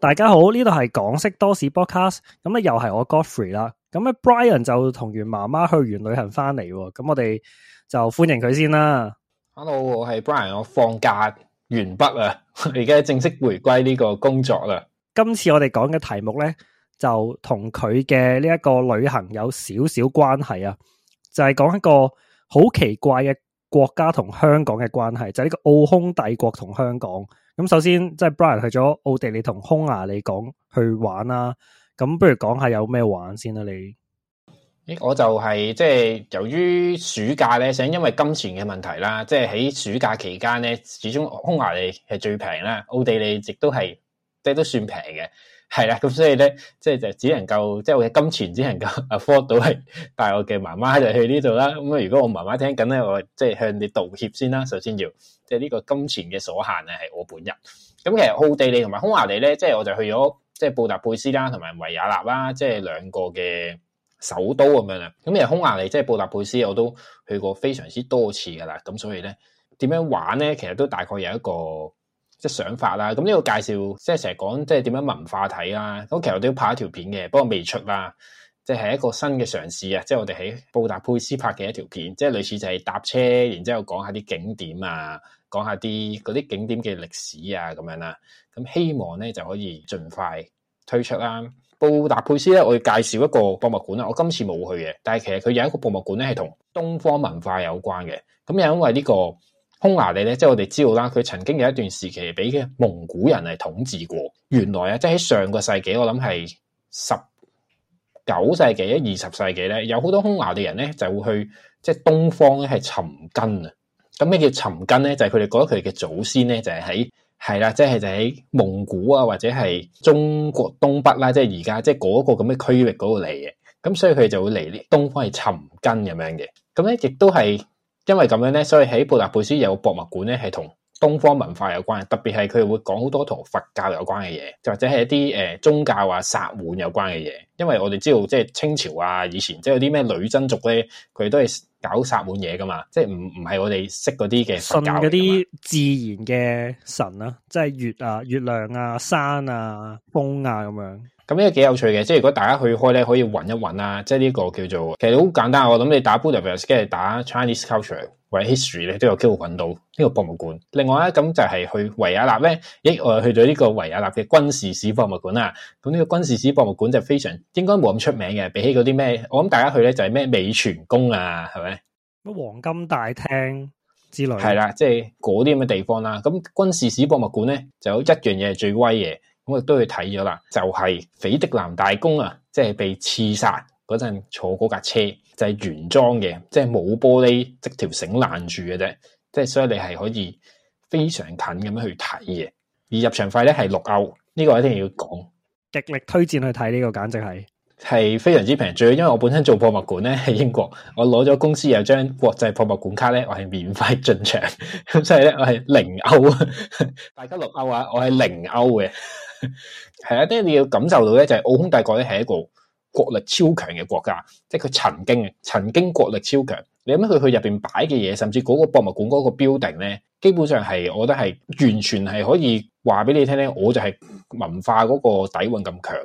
大家好，呢度係港識多史播客，咁咧又係我 Godfrey 啦，咁 Brian 就同原媽媽去完旅行翻嚟，咁我哋就歡迎佢先啦。Hello，我係 Brian，我放假完畢啊，我哋而家正式回歸呢個工作啦。今次我哋講嘅題目咧，就同佢嘅呢一個旅行有少少關係啊，就係講一個好奇怪嘅國家同香港嘅關係就呢、是、個奧匈帝國同香港。咁首先即係 Brian 去咗奧地利同匈牙利講去玩啦。咁不如講下有咩玩先、啊、啦？你誒，我就係即係由於暑假咧，想因為金錢嘅問題啦，即係喺暑假期間咧，始終匈牙利係最平啦，奧地利亦都係即係都算平嘅。係啦，咁所以咧，即係就只能夠，即係我嘅金錢只能夠 afford 到係，帶我嘅媽媽就去呢度啦。咁啊，如果我媽媽聽緊咧，我即係向你道歉先啦。首先要，即係呢個金錢嘅所限咧，係我本人。咁其實奧地利同埋匈牙利咧，即係我就去咗，即係布達佩斯啦，同埋維也納啦，即係兩個嘅首都咁樣啦。咁其實匈牙利即係布達佩斯，我都去過非常之多次噶啦。咁所以咧，點樣玩咧，其實都大概有一個。即係想法啦，咁呢個介紹即係成日講即係點樣文化睇啦，咁其實我都要拍一條片嘅，不過未出啦，即係一個新嘅嘗試啊！即係我哋喺布達佩斯拍嘅一條片，即係類似就係搭車，然之後講下啲景點啊，講下啲嗰啲景點嘅歷史啊，咁樣啦。咁希望咧就可以盡快推出啦。布達佩斯咧，我要介紹一個博物館啦。我今次冇去嘅，但係其實佢有一個博物館咧係同東方文化有關嘅，咁因為呢個。匈牙利咧，即係我哋知道啦，佢曾經有一段時期俾蒙古人係統治過。原來啊，即係喺上個世紀，我諗係十九世紀、二十世紀咧，有好多匈牙利人咧就會去即係東方咧係尋根啊。咁咩叫尋根咧？就係佢哋覺得佢哋嘅祖先咧就係喺係啦，即係就喺、是、蒙古啊，或者係中國東北啦、啊，即係而家即係嗰個咁嘅區域嗰度嚟嘅。咁所以佢就會嚟呢東方係尋根咁樣嘅。咁咧亦都係。因為咁樣咧，所以喺布達佩斯有博物館咧，係同東方文化有關，特別係佢會講好多同佛教有關嘅嘢，或者係一啲誒、呃、宗教啊薩滿有關嘅嘢。因為我哋知道，即係清朝啊，以前即係啲咩女真族咧，佢都係搞薩滿嘢噶嘛，即係唔唔係我哋識嗰啲嘅信嗰啲自然嘅神啦、啊，即係月啊、月亮啊、山啊、風啊咁樣。咁呢個幾有趣嘅，即係如果大家去開咧，可以揾一揾啊。即係呢個叫做，其實好簡單。我諗你打 Buddha 跟住打 Chinese Culture 或者 History 咧，都有機會揾到呢個博物館。另外咧，咁就係去維也納咧，咦，我去咗呢個維也納嘅軍事史博物館啦。咁、這、呢個軍事史博物館就非常應該冇咁出名嘅，比起嗰啲咩，我諗大家去咧就係咩美泉宮啊，係咪？乜黃金大廳之類，係啦，即係嗰啲咁嘅地方啦。咁軍事史博物館咧，就有一樣嘢係最威嘅。我亦都去睇咗啦，就係、是、斐迪南大公啊，即係被刺殺嗰陣坐嗰架車就係原裝嘅，即係冇玻璃，即條繩攔住嘅啫，即係所以你係可以非常近咁樣去睇嘅。而入場費咧係六歐，呢、這個我一定要講，極力推薦去睇呢、這個，簡直係係非常之平。最因為我本身做博物館咧喺英國，我攞咗公司有張國際博物館卡咧，我係免費進場，咁 所以咧我係零歐啊，大家六歐啊，我係零歐嘅。係啊，即係你要感受到咧，就係奧匈帝國咧係一個國力超強嘅國家，即係佢曾經啊，曾經國力超強。你諗佢去入邊擺嘅嘢，甚至嗰個博物館嗰個 building 咧，基本上係，我覺得係完全係可以話俾你聽咧，我就係文化嗰個底蘊咁強。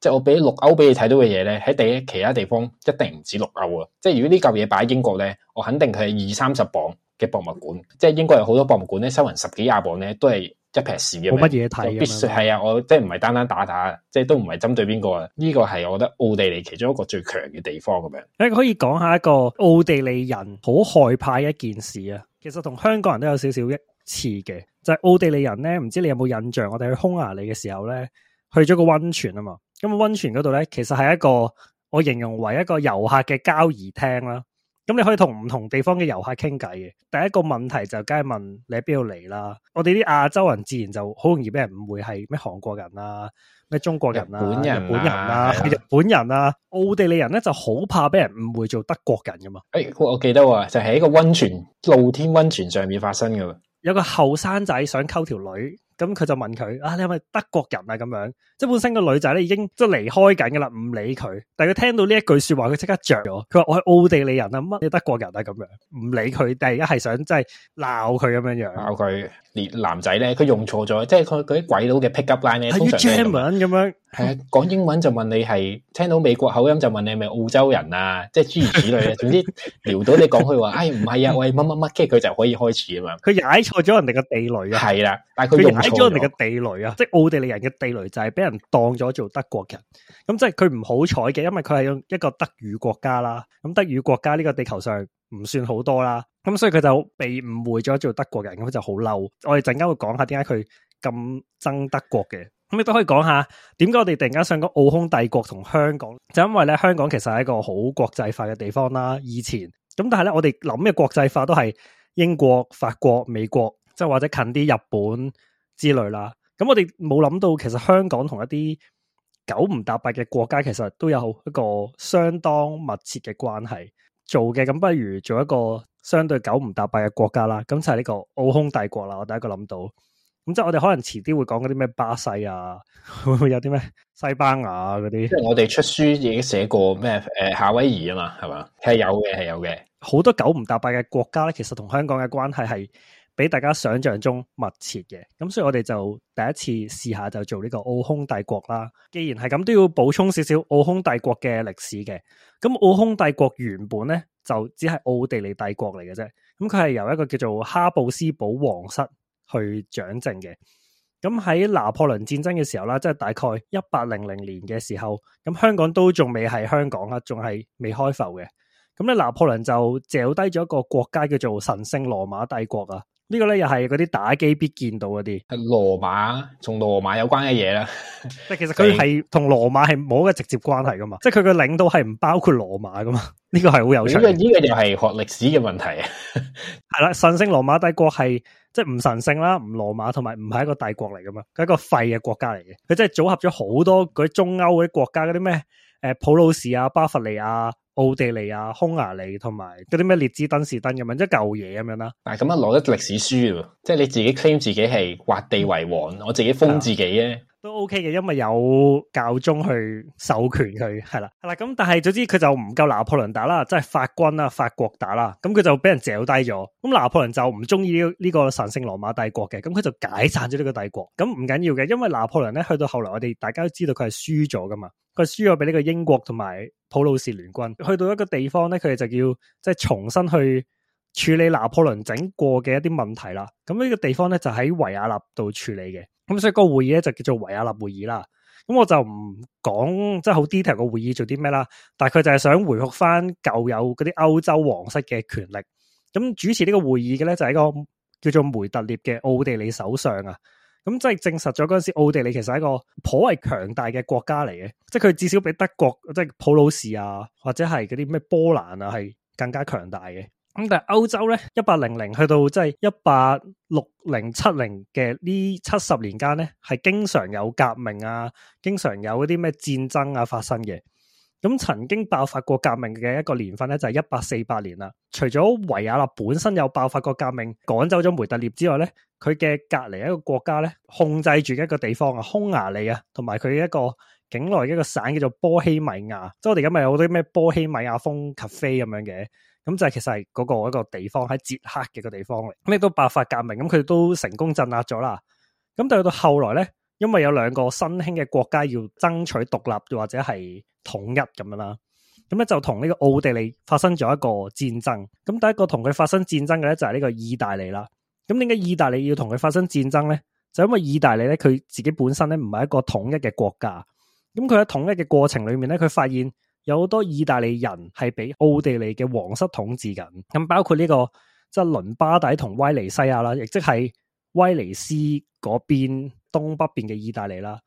即係我俾六歐俾你睇到嘅嘢咧，喺第其他地方一定唔止六歐啊。即係如果呢嚿嘢擺喺英國咧，我肯定佢係二三十磅嘅博物館。即係英國有好多博物館咧，收人十幾廿磅咧，都係。一撇事嘅冇乜嘢睇，必須係啊，我即係唔係單單打打，即係都唔係針對邊個啊？呢個係我覺得奧地利其中一個最強嘅地方咁樣。你可以講下一個奧地利人好害怕一件事啊？其實同香港人都有少少一次嘅，就係奧地利人咧，唔知你有冇印象？我哋去匈牙利嘅時候咧，去咗個溫泉啊嘛。咁個溫泉嗰度咧，其實係一個我形容為一個遊客嘅交誼廳啦。咁你可以同唔同地方嘅遊客傾偈嘅。第一個問題就梗係問你喺邊度嚟啦。我哋啲亞洲人自然就好容易俾人誤會係咩韓國人啦、啊、咩中國人啦、啊、日本人啦、日本人啊奧、啊的啊、地利人咧就好怕俾人誤會做德國人噶嘛、哎我。我記得、哦、就喺、是、一個温泉露天温泉上面發生嘅，有個後生仔想溝條女。咁佢就問佢：啊，你係咪德國人啊？咁樣即係本身個女仔咧已經即係離開緊噶啦，唔理佢。但係佢聽到呢一句說話，佢即刻着咗。佢話我係奧地利人啊，乜你德國人啊？咁樣唔理佢，但係而家係想即係鬧佢咁樣樣鬧佢。連、okay, 男仔咧，佢用錯咗，即係佢啲鬼佬嘅 pick up line 咧，通常係英文咁樣。係啊，講英文就問你係 聽到美國口音就問你係咪澳洲人啊？即係諸如此類。總之撩到你講佢話， 哎，唔係啊，我係乜乜乜，跟住佢就可以開始啊嘛。佢踩錯咗人哋個地雷啊！係啦，但係佢用。喺咗人哋嘅地雷啊！即係奧地利人嘅地雷就係俾人當咗做德國人，咁即係佢唔好彩嘅，因為佢係一個德語國家啦。咁德語國家呢個地球上唔算好多啦，咁所以佢就被誤會咗做德國人，咁佢就好嬲。我哋陣間會講下點解佢咁憎德國嘅，咁亦都可以講下點解我哋突然間想講奧匈帝國同香港，就因為咧香港其實係一個好國際化嘅地方啦。以前咁，但係咧我哋諗嘅國際化都係英國、法國、美國，即係或者近啲日本。之類啦，咁我哋冇諗到，其實香港同一啲九唔搭八嘅國家，其實都有一個相當密切嘅關係做嘅。咁不如做一個相對九唔搭八嘅國家啦，咁就係呢個奧匈帝國啦，我第一個諗到。咁即係我哋可能遲啲會講嗰啲咩巴西啊，會唔會有啲咩西班牙嗰啲？即係我哋出書已經寫過咩？誒，夏威夷啊嘛，係嘛？係有嘅，係有嘅。好多九唔搭八嘅國家咧，其實同香港嘅關係係比大家想象中密切嘅。咁所以我哋就第一次試下就做呢個奧匈帝國啦。既然係咁，都要補充少少奧匈帝國嘅歷史嘅。咁奧匈帝國原本咧就只係奧地利帝國嚟嘅啫。咁佢係由一個叫做哈布斯堡皇室去掌政嘅。咁喺拿破崙戰爭嘅時候啦，即係大概一八零零年嘅時候，咁香港都仲未係香港啦，仲係未開埠嘅。咁咧，拿破崙就借低咗一個國家叫做神聖羅馬帝國啊。這個呢個咧又係嗰啲打機必見到嗰啲，羅馬同羅馬有關嘅嘢啦。即係其實佢係同羅馬係冇一個直接關係噶嘛， 即係佢個領導係唔包括羅馬噶嘛。呢、這個係好有趣的。因為呢個就係學歷史嘅問題。係 啦，神聖羅馬帝國係即係唔神聖啦，唔羅馬同埋唔係一個帝國嚟噶嘛，佢係一個廢嘅國家嚟嘅。佢即係組合咗好多啲中歐嗰啲國家嗰啲咩誒普魯士啊、巴伐利亞。奧地利啊、匈牙利同埋嗰啲咩列支敦士登咁樣，一舊嘢咁樣啦。但係咁樣攞咗歷史書，即係你自己 claim 自己係畫地為王，我自己封自己呢都 OK 嘅，因為有教宗去授權佢係啦，係啦。咁但係總之佢就唔夠拿破崙打啦，即係法軍啊法國打啦，咁佢就俾人嚼低咗。咁拿破崙就唔中意呢個神聖羅馬帝國嘅，咁佢就解散咗呢個帝國。咁唔緊要嘅，因為拿破崙咧去到後來，我哋大家都知道佢係輸咗噶嘛，佢輸咗俾呢個英國同埋。普魯士聯軍去到一個地方咧，佢哋就要即係重新去處理拿破崙整過嘅一啲問題啦。咁呢個地方咧就喺維也納度處理嘅。咁所以個會議咧就叫做維也納會議啦。咁我就唔講即係好 detail 個會議做啲咩啦。但係佢就係想回復返舊有嗰啲歐洲皇室嘅權力。咁主持呢個會議嘅咧就係一個叫做梅特列嘅奧地利首相啊。咁即係證實咗嗰陣時，奧地利其實係一個頗為強大嘅國家嚟嘅，即係佢至少比德國，即係普魯士啊，或者係嗰啲咩波蘭啊，係更加強大嘅。咁但係歐洲咧，一八零零去到即係一八六零七零嘅呢七十年間咧，係經常有革命啊，經常有嗰啲咩戰爭啊發生嘅。咁曾經爆發過革命嘅一個年份咧，就係一八四八年啦。除咗維也納本身有爆發過革命，趕走咗梅特涅之外咧。佢嘅隔離一個國家咧，控制住一個地方啊，匈牙利啊，同埋佢一個境內一個省叫做波希米亞，即係我哋今日有好多咩波希米亞風咖啡咁樣嘅，咁就其實係嗰個一個地方喺捷克嘅個地方嚟，咁呢都白髮革命，咁佢都成功鎮壓咗啦。咁但係到後來咧，因為有兩個新興嘅國家要爭取獨立或者係統一咁樣啦，咁咧就同呢個奧地利發生咗一個戰爭。咁第一個同佢發生戰爭嘅咧，就係呢個意大利啦。咁點解意大利要同佢發生戰爭咧？就是、因為意大利咧，佢自己本身咧唔係一個統一嘅國家。咁佢喺統一嘅過程裏面咧，佢發現有好多意大利人係俾奧地利嘅皇室統治緊。咁包括呢、這個即係倫巴底同威，威尼西亞啦，亦即係威尼斯嗰邊東北邊嘅意大利啦。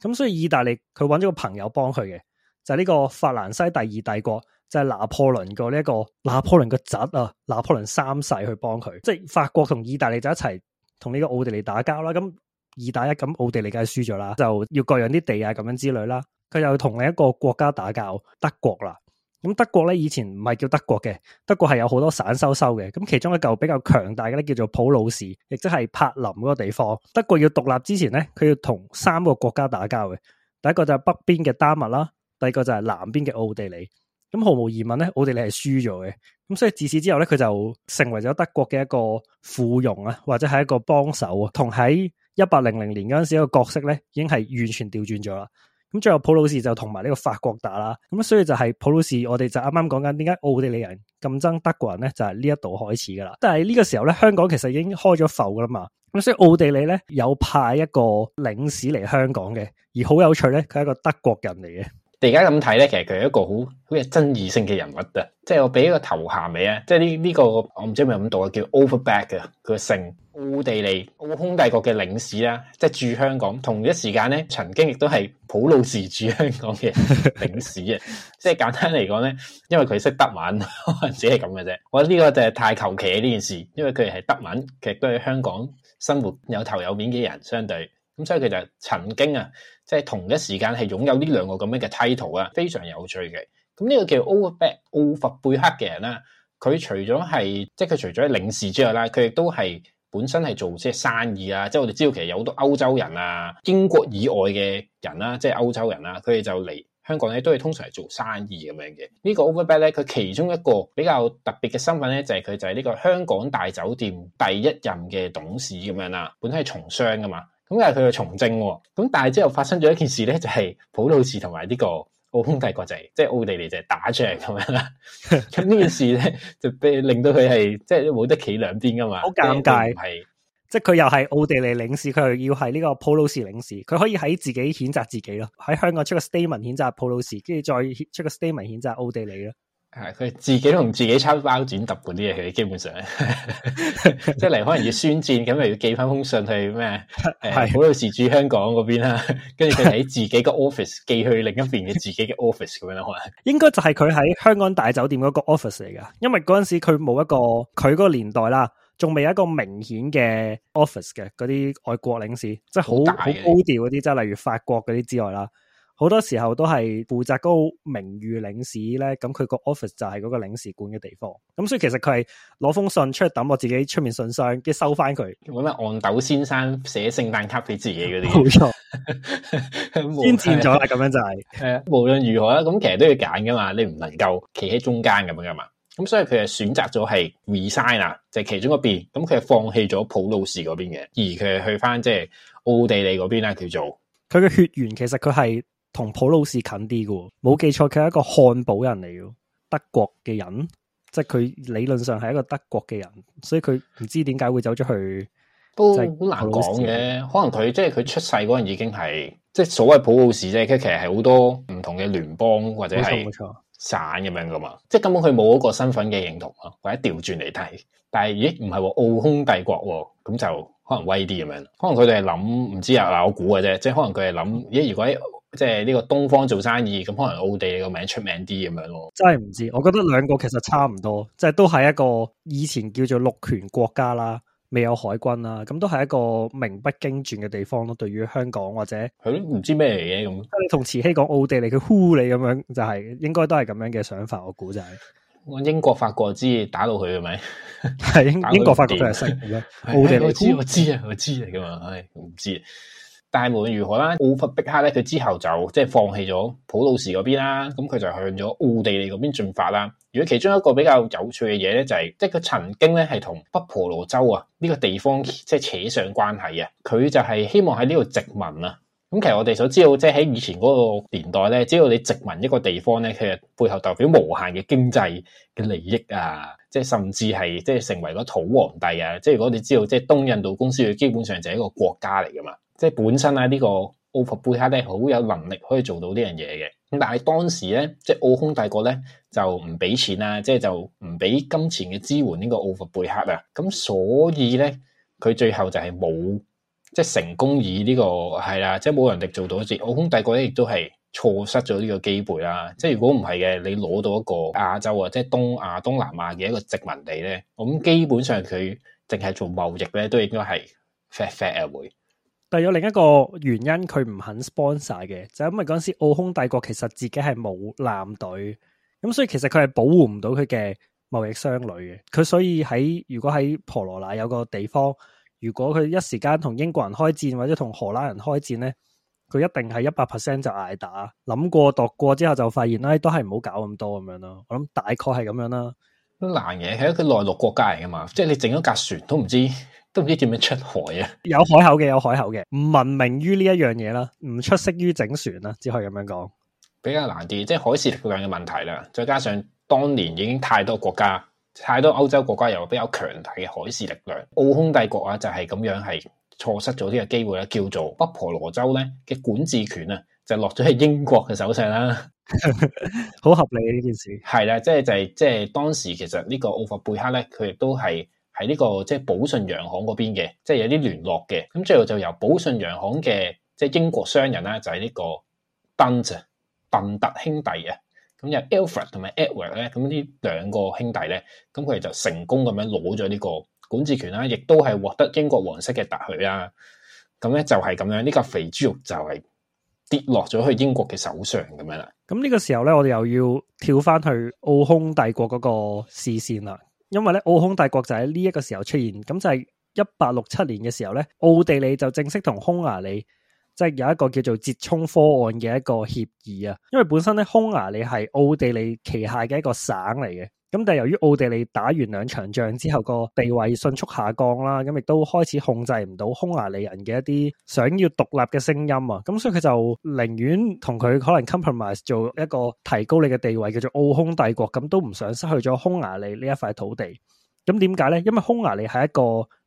咁所以意大利佢搵咗個朋友幫佢嘅，就係、是、呢個法蘭西第二帝國。就係拿破崙個、這個呢一個拿破崙個侄啊，拿破崙三世去幫佢，即係法國同意大利就一齊同呢個奧地利打交啦。咁二打一，咁奧地利梗係輸咗啦，就要割讓啲地啊咁樣之類啦。佢又同另一個國家打交，德國啦。咁德國咧以前唔係叫德國嘅，德國係有好多散修修嘅。咁其中一嚿比較強大嘅咧叫做普魯士，亦即係柏林嗰個地方。德國要獨立之前咧，佢要同三個國家打交嘅。第一個就係北邊嘅丹麥啦，第二個就係南邊嘅奧地利。咁毫無疑問呢，咧，奧地利係輸咗嘅。咁所以自此之後咧，佢就成為咗德國嘅一個附庸啊，或者係一個幫手啊。同喺一八零零年嗰陣時一個角色咧，已經係完全調轉咗啦。咁最後普魯士就同埋呢個法國打啦。咁所以就係普魯士，我哋就啱啱講緊點解奧地利人咁憎德國人咧，就係呢一度開始噶啦。但係呢個時候咧，香港其實已經開咗埠噶啦嘛。咁所以奧地利咧有派一個領事嚟香港嘅，而好有趣咧，佢係一個德國人嚟嘅。你而家咁睇咧，其實佢係一個好好有爭議性嘅人物啊！即係我俾一個頭銜你啊！即係呢呢個我唔知係咪咁讀啊，叫 Overbeck 嘅佢姓奧地利奧匈帝國嘅領事啦，即係駐香港，同一時間咧曾經亦都係普魯士駐香港嘅領事啊！ 即係簡單嚟講咧，因為佢識德文，可能只係咁嘅啫。我覺得呢個就係太求其嘅呢件事，因為佢係德文，其實都係香港生活有頭有面嘅人，相對咁，所以佢就曾經啊。即係同一時間係擁有呢兩個咁樣嘅 title 啊，非常有趣嘅。咁呢個叫 Overbeck Overbeck 貝克嘅人啦，佢除咗係即係佢除咗領事之外啦，佢亦都係本身係做即係生意啊。即、就、係、是、我哋知道其實有好多歐洲人啊、英國以外嘅人啦、啊，即係歐洲人啊，佢哋就嚟香港咧，都係通常係做生意咁樣嘅。呢、這個 Overbeck 咧，佢其中一個比較特別嘅身份咧，就係、是、佢就係呢個香港大酒店第一任嘅董事咁樣啦。本身係從商噶嘛。咁又係佢嘅從政喎。咁、啊、但係之後發生咗一件事咧，就係普魯士同埋呢個奧匈帝國就即係奧地利就係打仗咁樣啦。咁呢 件事咧就俾令到佢係即係冇得企兩邊噶嘛，好尷尬。係即係佢又係奧地利領事，佢又要係呢個普魯士領事，佢可以喺自己譴責自己咯。喺香港出個 statement 譴責普魯士，跟住再出個 statement 譴責奧地利咯。係佢自己同自己猜包剪揼嗰啲嘢，佢基本上哈哈 即係嚟，可能要宣戰，咁又要寄翻封信去咩？係好耐時住香港嗰邊啦，跟住佢喺自己個 office 寄去另一邊嘅自己嘅 office 咁樣可能。應該就係佢喺香港大酒店嗰個 office 嚟㗎，因為嗰陣時佢冇一個，佢嗰個年代啦，仲未有一個明顯嘅 office 嘅嗰啲外國領事，即係好好高調嗰啲，即係例如法國嗰啲之外啦。好多時候都係負責高名譽領事咧，咁佢個 office 就係嗰個領事館嘅地方。咁所以其實佢係攞封信出去，等我自己出面信箱，跟住收翻佢。咁啊，憨豆先生寫聖誕卡俾自己嗰啲，冇錯，先戰咗啦，咁樣就係、是。誒、 嗯，無論如何啦，咁其實都要揀噶嘛，你唔能夠企喺中間咁樣噶嘛。咁所以佢係選擇咗係 resign 啊，就其中嗰邊，咁佢係放棄咗普魯士嗰邊嘅，而佢去翻即係奧地利嗰邊啦，叫做。佢嘅血緣其實佢係。同普魯士近啲嘅，冇記錯佢係一個漢堡人嚟嘅，德國嘅人，即係佢理論上係一個德國嘅人，所以佢唔知點解會走咗去，都好難講嘅。可能佢即係佢出世嗰陣已經係，即係所謂普魯士啫。佢其實係好多唔同嘅聯邦或者係散咁樣噶嘛，即係根本佢冇一個身份嘅認同啊。或者調轉嚟睇，但係咦唔係奧匈帝國咁、哦、就可能威啲咁樣。可能佢哋諗唔知道啊，我估嘅啫，即係可能佢係諗咦如果。即係呢個東方做生意，咁可能奧地利個名出名啲咁樣咯。真係唔知，我覺得兩個其實差唔多，即係都係一個以前叫做陸權國家啦，未有海軍啦，咁都係一個名不經傳嘅地方咯。對於香港或者，係咯，唔知咩嚟嘅咁。同慈禧講奧地利佢呼你咁樣，就係、是、應該都係咁樣嘅想法。我估就係、是，我英國法國知打到佢係咪？係 英到英國法國都係識嘅。 奧地利我，我知我知啊，我知嚟噶嘛，唉，唔知。但係無論如何啦，奧弗碧克咧，佢之後就即係放棄咗普魯士嗰邊啦，咁佢就向咗奧地利嗰邊進發啦。如果其中一個比較有趣嘅嘢咧，就係即係佢曾經咧係同北婆羅洲啊呢個地方即係扯上關係啊。佢就係希望喺呢度殖民啊。咁其實我哋所知道，即係喺以前嗰個年代咧，只要你殖民一個地方咧，其實背後代表無限嘅經濟嘅利益啊，即係甚至係即係成為咗土皇帝啊。即係如果你知道，即係東印度公司，佢基本上就係一個國家嚟噶嘛。即係本身啊，呢個奧弗貝克咧，好有能力可以做到呢樣嘢嘅。咁但係當時咧，即係奧匈帝國咧就唔俾錢啦，即係就唔俾金錢嘅支援呢個奧弗貝克啊。咁所以咧，佢最後就係冇即係成功以呢個係啦，即係冇人力做到。即係奧匈帝國咧，亦都係錯失咗呢個機會啦。即係如果唔係嘅，你攞到一個亞洲啊，即係東亞、東南亞嘅一個殖民地咧，咁基本上佢淨係做貿易咧，都應該係 fat fat 啊，會。但有另一個原因，佢唔肯 sponsor 嘅，就係、因為嗰陣時奧匈帝國其實自己係冇艦隊，咁所以其實佢係保護唔到佢嘅貿易商旅嘅。佢所以喺如果喺婆羅那有個地方，如果佢一時間同英國人開戰或者同荷蘭人開戰咧，佢一定係一百 percent 就挨打。諗過度過之後就發現咧、哎，都係唔好搞咁多咁樣咯。我諗大概係咁樣啦。難嘢係一個內陸國家嚟嘅嘛，即係你整咗架船都唔知、嗯。都唔知點樣出海啊有海！有海口嘅，有海口嘅，唔文明於呢一樣嘢啦，唔出色於整船啦，只可以咁樣講，比較難啲，即、就、係、是、海事力量嘅問題啦。再加上當年已經太多國家，太多歐洲國家有比較強大嘅海事力量，奧匈帝國啊就係咁樣係錯失咗呢個機會啦，叫做北婆羅洲咧嘅管治權啊，就落咗喺英國嘅手上啦，好 合理嘅呢件事。係啦，即係就係即係當時其實呢個奧法貝克咧，佢亦都係。喺呢、這個即係、就是、寶順洋行嗰邊嘅，即、就、係、是、有啲聯絡嘅。咁最後就由寶順洋行嘅即係英國商人啦，就係、是、呢個鄧啫，鄧特兄弟啊。咁有 Alfred 同埋 Edward 咧，咁、就、呢、是嗯、兩個兄弟咧，咁佢哋就成功咁樣攞咗呢個管治權啦，亦都係獲得英國皇室嘅特許啦。咁、嗯、咧就係、是、咁樣，呢、這個肥豬肉就係跌落咗去英國嘅手上咁樣啦。咁呢個時候咧，我哋又要跳翻去奧匈帝國嗰個視線啦。因為咧，奧匈帝國就喺呢一個時候出現，咁就係一八六七年嘅時候咧，奧地利就正式同匈牙利即係有一個叫做折衷方案嘅一個協議啊。因為本身咧，匈牙利係奧地利旗下嘅一個省嚟嘅。咁但係由於奧地利打完兩場仗之後個地位迅速下降啦，咁亦都開始控制唔到匈牙利人嘅一啲想要獨立嘅聲音啊，咁所以佢就寧願同佢可能 compromise 做一個提高你嘅地位叫做奧匈帝國，咁都唔想失去咗匈牙利呢一塊土地。咁點解呢？因為匈牙利係一個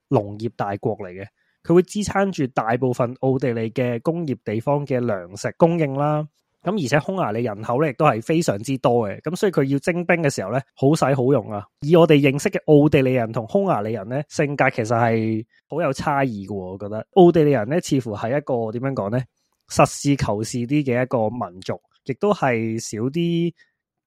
農業大國嚟嘅，佢會支撐住大部分奧地利嘅工業地方嘅糧食供應啦。咁而且匈牙利人口咧，亦都係非常之多嘅，咁、嗯、所以佢要徵兵嘅時候咧好使好用啊。以我哋認識嘅奧地利人同匈牙利人咧，性格其實係好有差異嘅。我覺得奧地利人咧，似乎係一個點樣講咧，實事求是啲嘅一個民族，亦都係少啲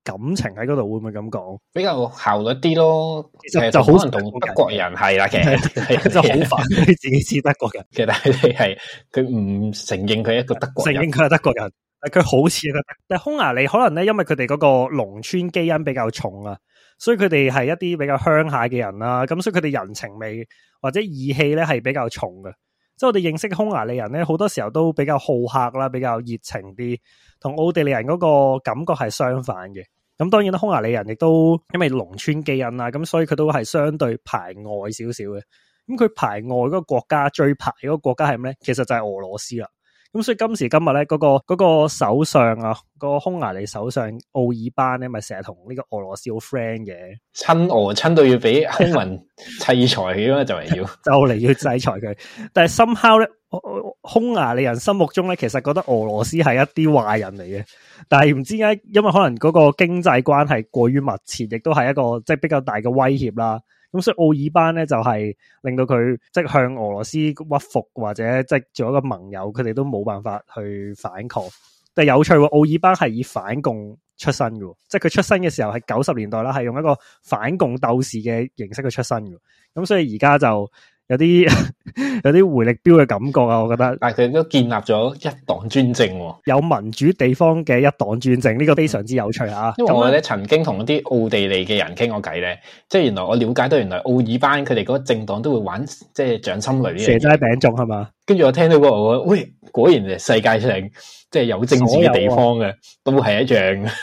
感情喺嗰度，會唔會咁講？比較效率啲咯，就就好同德國人係啦，其實係就好煩自己似德國人，國人其實佢係佢唔承認佢係一個德國人，承認佢係德國人。但佢好似佢，但匈牙利可能咧，因為佢哋嗰個農村基因比較重啊，所以佢哋係一啲比較鄉下嘅人啦。咁所以佢哋人情味或者義氣咧係比較重嘅。即係我哋認識匈牙利人咧，好多時候都比較好客啦，比較熱情啲，同奧地利人嗰個感覺係相反嘅。咁當然啦，匈牙利人亦都因為農村基因啦，咁所以佢都係相對排外少少嘅。咁佢排外嗰個國家最排嗰個國家係咩？其實就係俄羅斯啦。咁所以今時今日咧，嗰、嗰個、嗰個首相啊，嗰個匈牙利首相奧爾班咧，咪成日同呢個俄羅斯好 friend 嘅，親俄親到要俾歐盟制裁佢啊，就嚟 要，就嚟要制裁佢。 但係 somehow 咧，匈牙利人心目中咧，其實覺得俄羅斯係一啲壞人嚟嘅。但係唔知解，因為可能嗰個經濟關係過於密切，亦都係一個即係比較大嘅威脅啦。咁所以奧爾班咧就係令到佢即向俄羅斯屈服或者即做一個盟友，佢哋都冇辦法去反抗。但有趣喎，奧爾班係以反共出身嘅，即佢出身嘅時候係九十年代啦，係用一個反共鬥士嘅形式去出身嘅。咁所以而家就。有啲 有啲回力鏢嘅感覺啊，我覺得，但係佢都建立咗一，啊、一黨專政，有民主地方嘅一黨專政呢個非常之有趣啊！因為我咧天曾經同一啲奧地利嘅人傾過偈咧，即係原來我了解到原來奧爾班佢哋嗰政黨都會玩即係掌心雷呢，蛇齋餅糭係嘛？跟住我聽到個我喂、哎、果然係世界上即係有政治嘅地方嘅，啊、都係一樣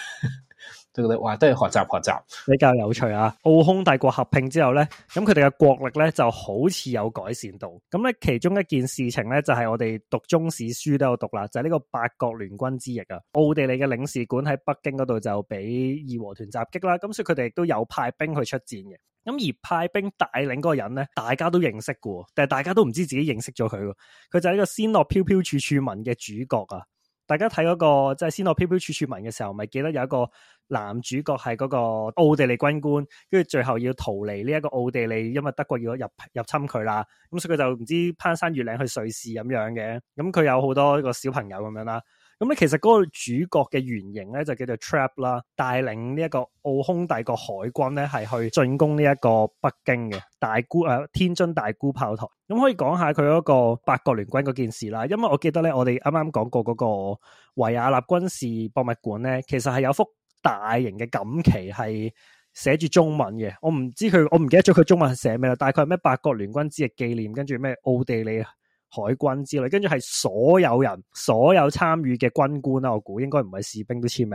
佢哋話都要學習學習，比較有趣啊！奧匈帝國合併之後咧，咁佢哋嘅國力咧就好似有改善到。咁咧，其中一件事情咧，就係我哋讀中史書都有讀啦，就係呢個八國聯軍之役啊！奧地利嘅領事館喺北京嗰度就俾義和團襲擊啦，咁所以佢哋都有派兵去出戰嘅。咁而派兵帶領嗰個人咧，大家都認識嘅，但係大家都唔知自己認識咗佢，佢就係一個仙樂飄飄處處聞嘅主角啊！大家睇嗰個即係《仙樂飄飄處處聞》嘅時候，咪記得有一個男主角係嗰個奧地利軍官，跟住最後要逃離呢一個奧地利，因為德國要入入侵佢啦，咁所以佢就唔知攀山越嶺去瑞士咁樣嘅，咁佢有好多個小朋友咁樣啦。咁咧，其實嗰個主角嘅原型咧就叫做 Trap 啦，帶領呢一個奧匈帝國海軍咧係去進攻呢一個北京嘅大沽誒，天津大沽炮台。咁可以講下佢嗰個八國聯軍嗰件事啦。因為我記得咧，我哋啱啱講過嗰個維也納軍事博物館咧，其實係有幅大型嘅錦旗係寫住中文嘅。我唔知佢，我唔記得咗佢中文係寫咩啦。大概係咩八國聯軍之日紀念，跟住咩奧地利啊？海軍之類，跟住係所有人、所有參與嘅軍官啦，我估應該唔係士兵都簽名，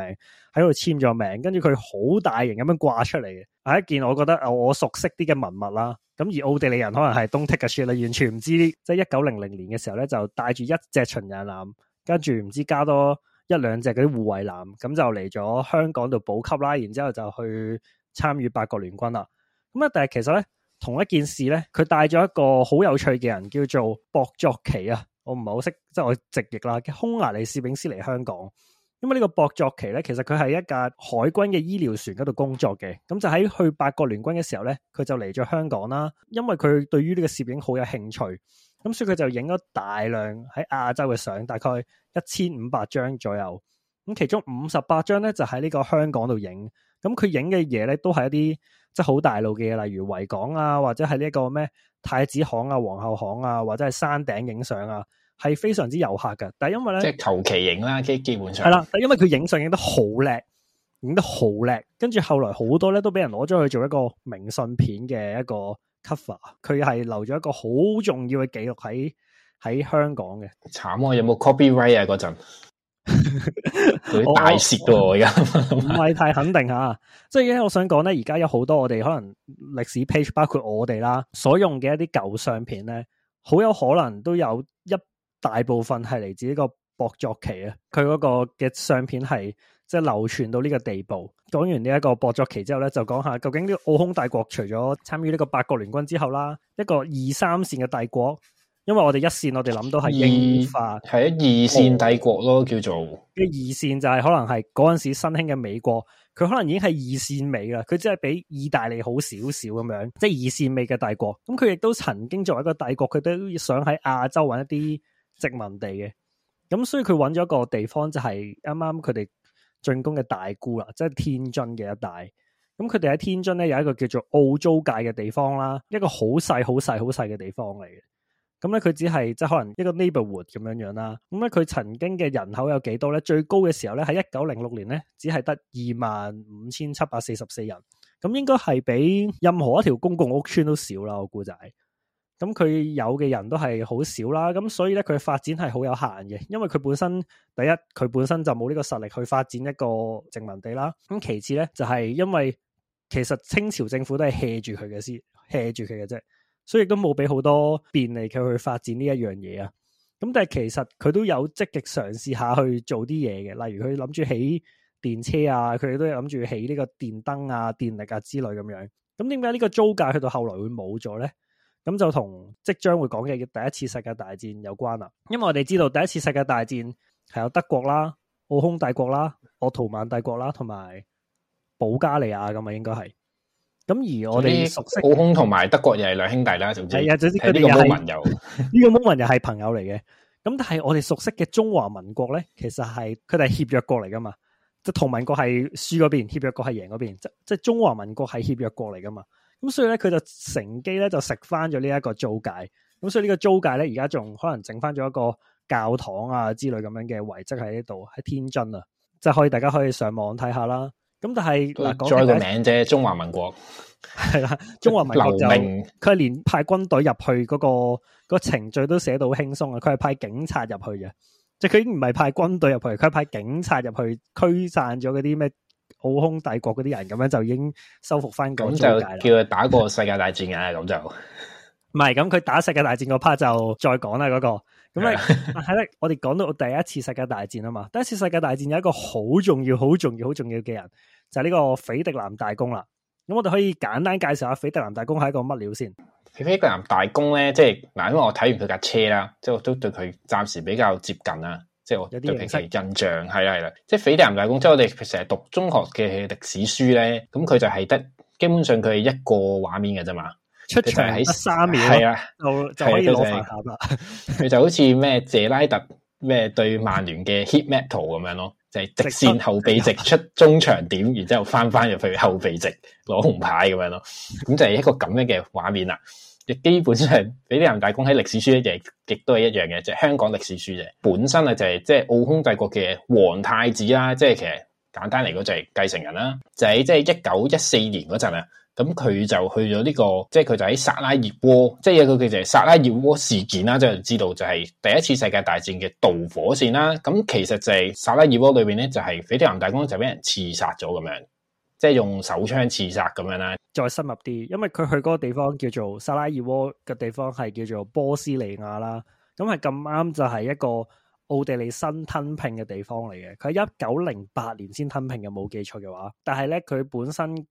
喺度簽咗名，跟住佢好大型咁樣掛出嚟嘅，係一件我覺得我熟悉啲嘅文物啦。咁而奧地利人可能係東踢嘅説啦， 完全唔知即係一九零零年嘅時候咧，就帶住一隻巡洋艦，跟住唔知加多一兩隻嗰啲護衛艦，咁就嚟咗香港度補給啦，然之後就去參與八國聯軍啦。咁但係其實咧。同一件事咧，佢帶咗一個好有趣嘅人叫做博作奇啊！我唔係好識，即係我直譯啦。匈牙利攝影師嚟香港，因為呢個博作奇咧，其實佢係一架海軍嘅醫療船嗰度工作嘅。咁就喺去八國聯軍嘅時候咧，佢就嚟咗香港啦。因為佢對於呢個攝影好有興趣，咁所以佢就影咗大量喺亞洲嘅相，大概一千五百張左右。咁其中五十八張咧，就喺呢個香港度影。咁佢影嘅嘢咧，都係一啲。即係好大路嘅，例如維港啊，或者係呢個咩太子行啊、皇后行啊，或者係山頂影相啊，係非常之遊客嘅。但係因為咧，即係求其影啦，基基本上係啦。但因為佢影相影得好叻，影得好叻，跟住後來好多咧都俾人攞咗去做一個明信片嘅一個 cover，佢係留咗一個好重要嘅記錄喺喺香港嘅。慘啊！有冇 copyright 啊？嗰陣。大蝕噶，而家唔係太肯定吓，即係 我想講咧，而家有好多我哋可能歷史 page，包括我哋啦，所用嘅一啲舊相片咧，好有可能都有一大部分係嚟自呢個博作期啊，佢嗰個嘅相片係即係流傳到呢個地步。講完呢一個博作期之後咧，就講下究竟呢個奧匈帝國除咗參與呢個八國聯軍之後啦，一個二三線嘅帝國。因為我哋一線，我哋諗到係英法，係一二線帝國咯，叫做。二線就係可能係嗰陣時新興嘅美國，佢可能已經係二線美啦，佢只係比意大利好少少咁樣，即係二線美嘅帝國。咁佢亦都曾經作為一個帝國，佢都想喺亞洲搵一啲殖民地嘅。咁所以佢搵咗一個地方，就係啱啱佢哋進攻嘅大沽啦，即係天津嘅一帶。咁佢哋喺天津咧有一個叫做奧租界嘅地方啦，一個好細、好細、好細嘅地方嚟嘅。咁咧，佢只係即係可能一個 neighborhood 咁樣樣啦。咁咧，佢曾經嘅人口有幾多咧？最高嘅時候咧，喺一九零六年咧，只係得二萬五千七百四十四人。咁應該係比任何一條公共屋邨都，少、就是、都少啦。我估仔，咁佢有嘅人都係好少啦。咁所以咧，佢發展係好有限嘅，因為佢本身第一，佢本身就冇呢個實力去發展一個殖民地啦。咁其次咧，就係、是、因為其實清朝政府都係挾住佢嘅先，挾住佢嘅啫。所以都冇俾好多便利佢去發展呢一樣嘢啊。咁但係其實佢都有積極嘗試下去做啲嘢嘅，例如佢諗住起電車啊，佢哋都諗住起呢個電燈啊、電力啊之類咁樣。咁點解呢個租界去到後來會冇咗咧？咁就同即將會講嘅第一次世界大戰有關啦。因為我哋知道第一次世界大戰係有德國啦、奧匈帝國啦、奧圖曼帝國啦，同埋保加利亞咁啊，應該係。咁而我哋熟悉奧匈同埋德國又係兩兄弟啦，總之係呢個盟友，呢個盟友係朋友嚟嘅。 咁但係我哋熟悉嘅中華民國咧，其實係佢哋係協約國嚟噶嘛，即同盟國係輸嗰邊，協約國係贏嗰邊，即即中華民國係協約國嚟噶嘛。咁所以咧，佢就乘機咧就食翻咗呢一個租界。咁所以呢個租界咧，而家仲可能整翻咗一個教堂啊之類咁樣嘅遺跡喺呢度，喺天津啊，即可以大家可以上網睇下啦。咁但係嗱，講咗個名啫，中華民國係啦，明中華民國就佢係連派軍隊入去嗰個嗰個程序都寫到好輕鬆啊，佢係派警察入去嘅，即係佢已經唔係派軍隊入去，佢係派警察入去驅散咗嗰啲咩奧匈帝國嗰啲人，咁樣就已經收復翻港，就叫佢打過世界大戰啊，咁就唔係，咁佢打世界大戰個 part 就再講啦，嗰個。咁咧，係 我哋講到第一次世界大戰啊嘛，第一次世界大戰有一個好重要、好重要、好重要嘅人，就係呢個斐迪南大公啦。咁我哋可以簡單介紹下斐迪南大公係一個乜料先？斐迪南大公咧，即係嗱，因為我睇完佢架車啦，即係我都對佢暫時比較接近啦，即係我對平時印象係啦係啦。即係斐迪南大公，即係我哋成日讀中學嘅歷史書咧，咁佢就係得基本上佢係一個畫面嘅啫嘛。出場喺三秒，係啦，就就可以攞紅牌啦。佢就好似咩謝拉特咩 對曼聯嘅 heat map 圖咁樣咯，就係、是、直線後備席出中場點，然之後翻翻入去後備席攞紅牌咁樣咯。咁就係一個咁樣嘅畫面啦。亦基本上俾啲人大公喺歷史書是一樣，亦都係一樣嘅，就係、是、香港歷史書啫。本身啊就係即係奧匈帝國嘅皇太子啦，即、就、係、是、其實簡單嚟講就係繼承人啦。就喺即係一九一四年嗰陣啊。咁佢就去咗呢、這個，即係佢就喺、是、薩拉熱窩，即係有個叫做薩拉熱窩事件啦。即、就、係、是、知道就係第一次世界大戰嘅導火線啦。咁其實就係薩拉熱窩裏邊咧，就係斐迪南大公就俾人刺殺咗咁樣，即、就、係、是、用手槍刺殺咁樣啦。再深入啲，因為佢去嗰個地方叫做薩拉熱窩嘅地方係叫做波斯尼亞啦。咁係咁啱就係一個奧地利新吞併嘅地方嚟嘅。佢喺一九零八年先吞併嘅，冇記錯嘅話，但係咧佢本身。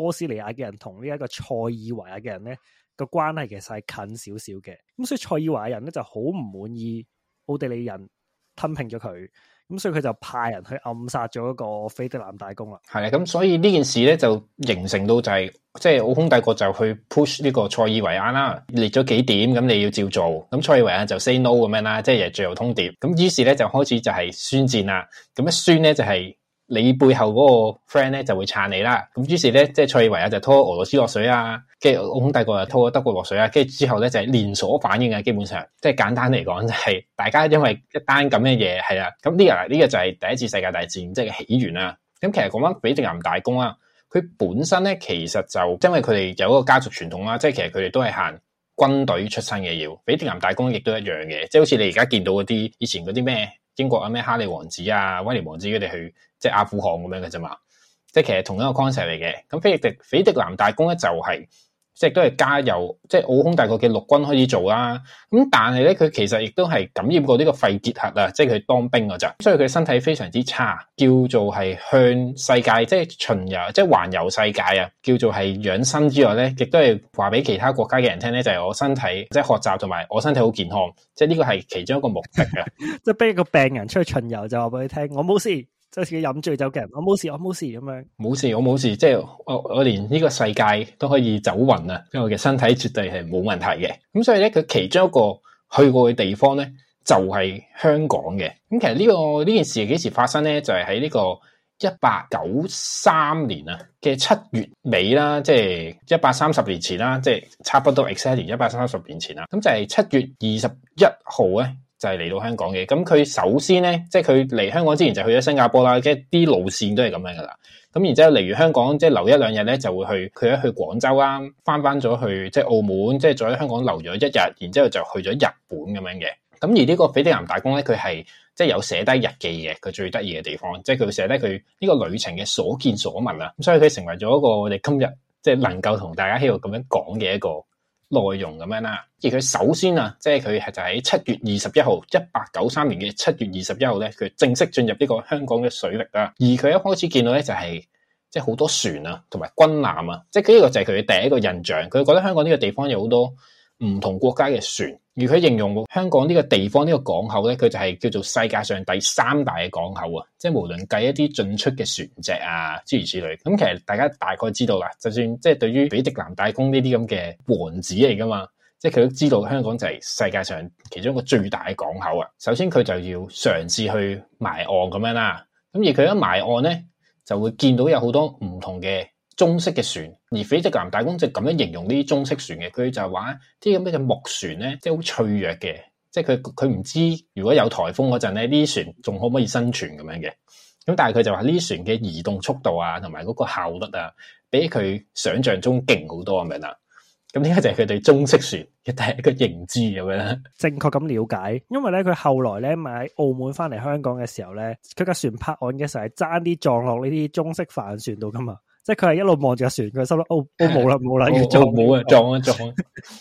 波斯尼亞嘅人同呢一個塞爾維亞嘅人咧，個關係其實係近少少嘅，咁所以塞爾維亞人咧就好唔滿意奧地利人吞併咗佢，咁所以佢就派人去暗殺咗一個斐迪南大公啦。係啊，咁所以呢件事咧就形成到就係即係奧匈帝國就去 push 呢個塞爾維亞啦，列咗幾點咁你要照做，咁塞爾維亞就 say no 咁樣啦，即係日最後通牒，咁於是咧就開始就係宣戰啦，咁一宣咧就係、是。你背後嗰個 friend 咧就會撐你啦，咁於是咧即係塞爾維亞就拖俄羅斯落水啊，跟住奧匈帝國就拖咗德國落水啊，跟住之後咧就係、是、連鎖反應嘅基本上，即係簡單嚟講就係、是、大家因為一單咁嘅嘢係啦，咁呢、這個呢、這個就係第一次世界大戰即係、就是、起源啦。咁其實講翻斐迪南大公啊，佢本身咧其實就因為佢哋有一個家族傳統啦，即係其實佢哋都係行軍隊出身嘅要，斐迪南大公亦都一樣嘅，即係好似你而家見到嗰啲以前嗰啲咩英國啊，咩哈利王子啊、威廉王子佢哋去。即係阿富汗咁樣嘅啫嘛，即係其實同一個 concept 嚟嘅。咁斐迪斐迪南大公咧就係，即係都係加入，即係奧匈帝國嘅陸軍開始做啦。咁但係咧，佢其實亦都係感染過呢個肺結核啊，即係佢當兵嘅咋，所以佢身體非常之差，叫做係向世界即係巡遊，即係環遊世界啊，叫做係養生之外咧，亦都係話俾其他國家嘅人聽咧，就係我身體即係學習同埋我身體好健康，即係呢個係其中一個目的嘅。即係俾個病人出去巡遊，就話俾你聽，我冇事。即係自己飲醉酒嘅人，我冇事，我冇事咁樣。冇事，我冇事，即係我我連呢個世界都可以走勻啊！因為我嘅身體絕對係冇問題嘅。咁所以咧，佢其中一個去過嘅地方咧，就係香港嘅。咁其實呢個呢件事幾時發生咧？就係喺呢個一八九三年啊嘅七月尾啦，即係一百三十年前啦，即係差不多 exactly 一百三十年前啦。咁就係七月二十一號咧。就係嚟到香港嘅。咁佢首先咧，即係佢嚟香港之前就去咗新加坡啦，即係啲路線都係咁樣噶啦。咁然之後嚟完香港，即係留一兩日咧，就會去佢一去廣州啊，翻翻咗去即係澳門，即係再喺香港留咗一日，然之後就去咗日本咁樣嘅。咁而呢個斐迪南大公咧，佢係即係有寫低日記嘅，佢最得意嘅地方，即係佢寫低佢呢個旅程嘅所見所聞啦。咁所以佢成為咗一個我哋今日即係能夠同大家喺度咁樣講嘅一個。內容咁樣啦，而佢首先啊，即係佢係就喺、是、七月二十一號，一八九三年嘅七月二十一號咧，佢正式進入呢個香港嘅水域啊。而佢一開始見到咧就係、是，即係好多船啊，同埋軍艦啊，即係呢個就係佢嘅第一個印象。佢覺得香港呢個地方有好多。唔同國家嘅船，而佢形容香港呢個地方呢個港口呢，佢就係叫做世界上第三大嘅港口啊！即係無論計一啲進出嘅船隻啊，諸如此類。咁其實大家大概知道啦，就算即係對於斐迪南大公呢啲咁嘅王子嚟噶嘛，即係佢都知道香港就係世界上其中一個最大嘅港口啊。首先佢就要嘗試去埋岸咁樣啦，咁而佢一埋岸呢，就會見到有好多唔同嘅。中式嘅船，而斐迪南大公就咁樣形容呢啲中式船嘅，佢就話啲咁嘅木船咧，即係好脆弱嘅，即係佢佢唔知如果有台風嗰陣咧，呢啲船仲可唔可以生存咁樣嘅？咁但係佢就話呢，船嘅移動速度啊，同埋嗰個效率啊，比佢想象中勁好多咁樣啦。咁點解就係佢對中式船第一個認知咁樣咧？正確咁了解，因為咧佢後來咧咪喺澳門翻嚟香港嘅時候咧，佢架船泊岸嘅時候係爭啲撞落呢啲中式帆船度噶嘛。即係佢係一路望住個船，佢心諗：哦，哦冇啦，冇、哦、啦，哦、要撞，冇啊、哦，撞啊，撞！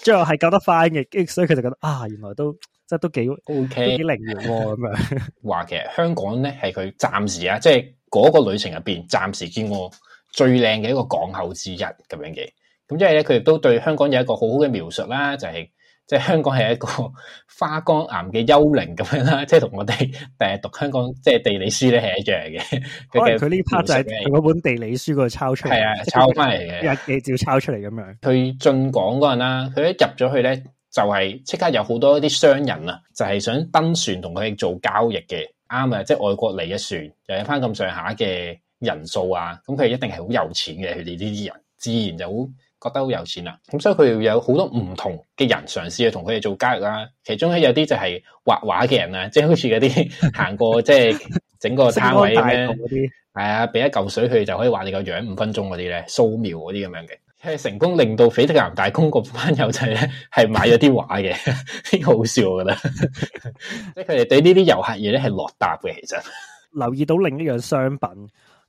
最後係救得翻嘅，所以佢就覺得啊，原來都即係都幾 OK，幾靈咁樣。話 其實香港咧係佢暫時啊，即係嗰個旅程入邊暫時見過最靚嘅一個港口之一咁樣嘅。咁即係咧，佢亦都對香港有一個好好嘅描述啦，就係、是。即係香港係一個花崗岩嘅幽靈咁樣啦，即係同我哋日日讀香港即係地理書咧係一樣嘅。佢佢呢 part 就係嗰本地理書嗰度抄出嚟，係啊，抄翻嚟嘅，日記照抄出嚟咁樣。佢進港嗰陣啦，佢一入咗去咧，就係即刻有好多啲商人啊，就係想登船同佢做交易嘅。啱啊，即係外國嚟一船又有翻咁上下嘅人數啊，咁佢哋一定係好有錢嘅，佢哋呢啲人自然就好。覺得好有錢啦，咁所以佢有好多唔同嘅人嘗試去同佢哋做交易啦。其中咧有啲就係畫畫嘅人啊，即係好似嗰啲行過即係整個攤位啲，係啊，俾一嚿水佢就可以畫你個樣五分鐘嗰啲咧，素描嗰啲咁樣嘅。成功令到斐迪南大公嗰班友仔咧係買咗啲畫嘅，呢個 好笑我覺得。即係佢哋對呢啲遊客嘢咧係落搭嘅，其實留意到另一樣商品，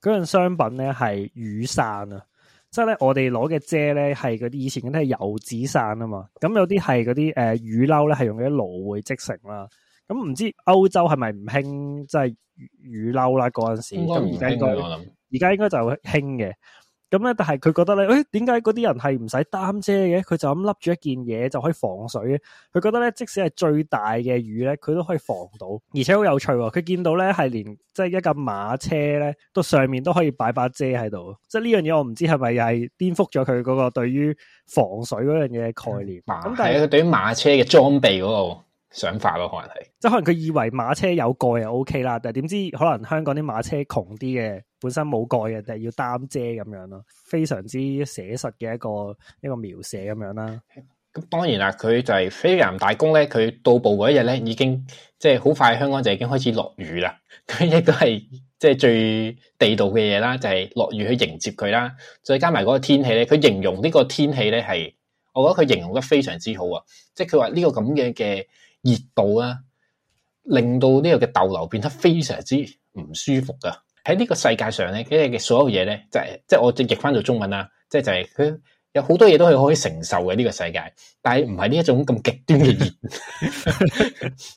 嗰樣商品咧係雨傘啊。即係咧，是我哋攞嘅遮咧係嗰啲以前嗰啲係油紙傘啊嘛，咁有啲係嗰啲誒雨褸咧係用啲蘆薈織成啦，咁唔知歐洲係咪唔興即係雨雨褸啦嗰陣時，咁而家應該我諗而家應該就興嘅。咁咧，但係佢覺得咧，誒、哎，點解嗰啲人係唔使擔遮嘅？佢就咁笠住一件嘢，就可以防水。佢覺得咧，即使係最大嘅雨咧，佢都可以防到。而且好有趣，哦，佢見到咧係連即係一架馬車咧，都上面都可以擺把遮喺度。即係呢樣嘢，我唔知係咪又係顛覆咗佢嗰個對於防水嗰樣嘢概念。咁馬但係是佢對於馬車嘅裝備嗰度。想法咯，可能係，即係可能佢以為馬車有蓋就 O K 啦，但係點知可能香港啲馬車窮啲嘅，本身冇蓋嘅，但係要擔遮咁樣咯，非常之寫實嘅一個一個描寫咁樣啦。咁當然啦，佢就係斐迪南大公咧，佢到步嗰一日咧，已經即係好快，香港就已經開始落雨啦。佢亦都係即係最地道嘅嘢啦，就係落雨去迎接佢啦。再加埋嗰個天氣咧，佢形容呢個天氣咧係，我覺得佢形容得非常之好啊。即係佢話呢個咁樣嘅。熱度啊，令到呢個嘅逗留變得非常之唔舒服噶。喺呢個世界上咧，佢哋嘅所有嘢咧、就是，就係即係我直譯翻做中文啦，即係就係佢。有好多嘢都係可以承受嘅呢、這個世界，但係唔係呢一種咁極端嘅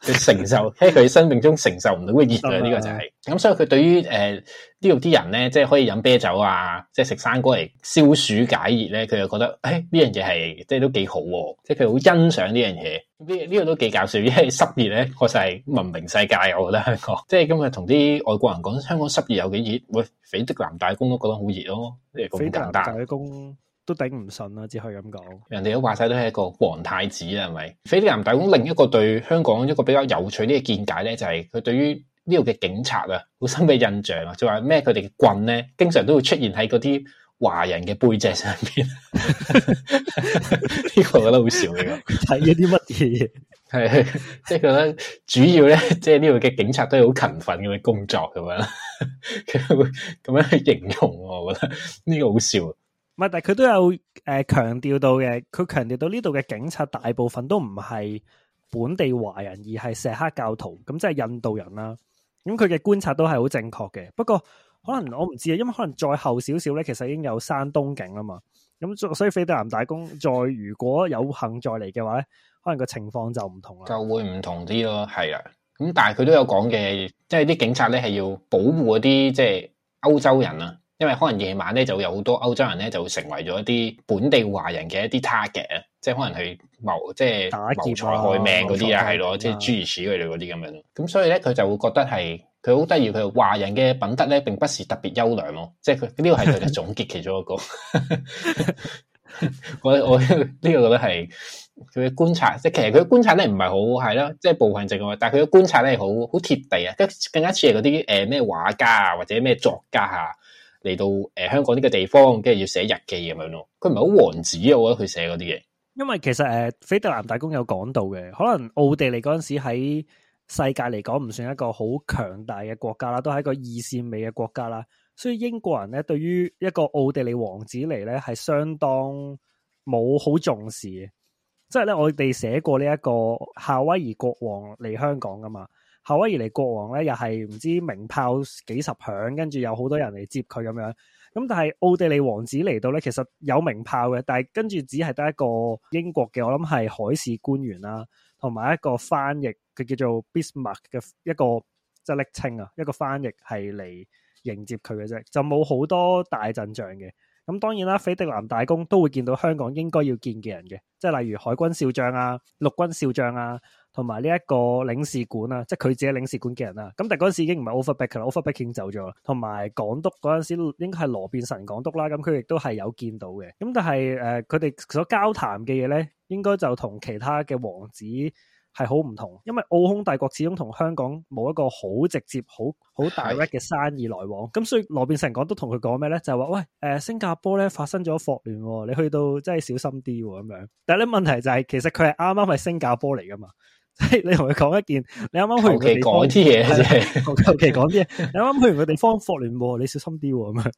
熱 承，承受喺佢生命中承受唔到嘅熱啊。呢 個就係、是、咁，所以佢對於誒、呃、呢度啲人咧，即係可以飲啤酒啊，即係食生果嚟消暑解熱咧，佢又覺得誒呢樣嘢係即係都幾好，即係佢好、啊、欣賞呢樣嘢。呢、這、呢、個這個、都幾搞笑，因為濕熱咧，我確實係文明世界，我覺得香港 即係今日同啲外國人講香港濕熱有幾熱，喂斐迪南大公都覺得好熱咯、啊，呢個好簡單、大公都頂唔順啦，只可以咁講。人哋都話晒都係一個皇太子啊，係咪？斐迪南大公另一個對香港一個比較有趣啲嘅見解咧，就係佢對於呢度嘅警察啊，好深嘅印象啊。就話咩佢哋嘅棍咧，經常都會出現喺嗰啲華人嘅背脊上邊。呢 個我覺得好笑嘅。睇咗啲乜嘢？係即係覺得主要咧，即係呢度嘅警察都係好勤奮咁嘅工作咁樣。佢 會咁樣去形容我，我覺得呢個好笑。但係佢都有誒強調到嘅。佢強調到呢度嘅警察大部分都唔係本地華人，而係錫克教徒，咁即係印度人啦。咁佢嘅觀察都係好正確嘅。不過可能我唔知啊，因為可能再後少少咧，其實已經有山東警啦嘛。咁所以斐迪南大公再如果有幸再嚟嘅話咧，可能個情況就唔同啦，就會唔同啲咯。係啊，咁但係佢都有講嘅，即係啲警察咧係要保護啲即係歐洲人啊。因為可能夜晚咧，就有好多歐洲人咧，就會成為咗一啲本地華人嘅一啲 target，即係可能係謀即係謀財害命嗰啲啊，係咯，即係了諸如此類嗰啲咁樣。咁所以咧，佢就會覺得係佢好得意，佢華人嘅品德咧，並不是特別優良咯。即係佢呢個係佢嘅總結其中一個。 我我呢、這個我覺得係佢嘅觀察，即係其實佢嘅觀察咧唔係好係啦即係部分嘅況，但係佢嘅觀察咧係好好貼地啊，更更加似係嗰啲誒咩畫家或者咩作家吓。嚟到誒、呃、香港呢個地方，跟住要寫日記咁樣咯。佢唔係好王子，啊，我覺得佢寫嗰啲嘢。因為其實誒，斐、呃、迪南大公有講到嘅，可能奧地利嗰陣時喺世界嚟講唔算一個好強大嘅國家啦，都係一個二線尾嘅國家啦。所以英國人咧，對於一個奧地利王子嚟咧，係相當冇好重視嘅。即係咧，我哋寫過呢一個夏威夷國王嚟香港噶嘛。夏威夷嚟國王咧，又係唔知鳴炮幾十響，跟住有好多人嚟接佢咁樣。咁但係奧地利王子嚟到咧，其實有鳴炮嘅，但係跟住只係得一個英國嘅，我諗係海事官員啦、啊，同埋一個翻譯，佢叫做 Bismarck 嘅一個即係昵稱啊，一個翻譯係嚟迎接佢嘅啫，就冇好多大陣仗嘅。咁、嗯、當然啦，斐迪南大公都會見到香港應該要見嘅人嘅，即係例如海軍少將啊、陸軍少將啊。同埋呢一個領事館啊，即係佢自己領事館嘅人啊，咁但係嗰陣時已經唔係 Overbeck 啦，Overbeck 已經走咗啦，同埋港督嗰陣時應該係羅便臣港督啦，咁佢亦都係有見到嘅，咁但係誒佢哋所交談嘅嘢咧，應該就同其他嘅王子係好唔同，因為奧匈大國始終同香港冇一個好直接、好好大額嘅生意來往，咁的所以羅便臣港督同佢講咩咧，就話、是、喂，誒、呃、新加坡咧發生咗霍亂、哦，你去到真係小心啲咁、哦、樣，但係咧問題就係、是、其實佢係啱啱係新加坡嚟噶嘛。 你同佢講一件，你啱啱去完地方，求其講啲嘢，求其講啲嘢，你啱啱去完個地方，霍亂你小心啲咁樣，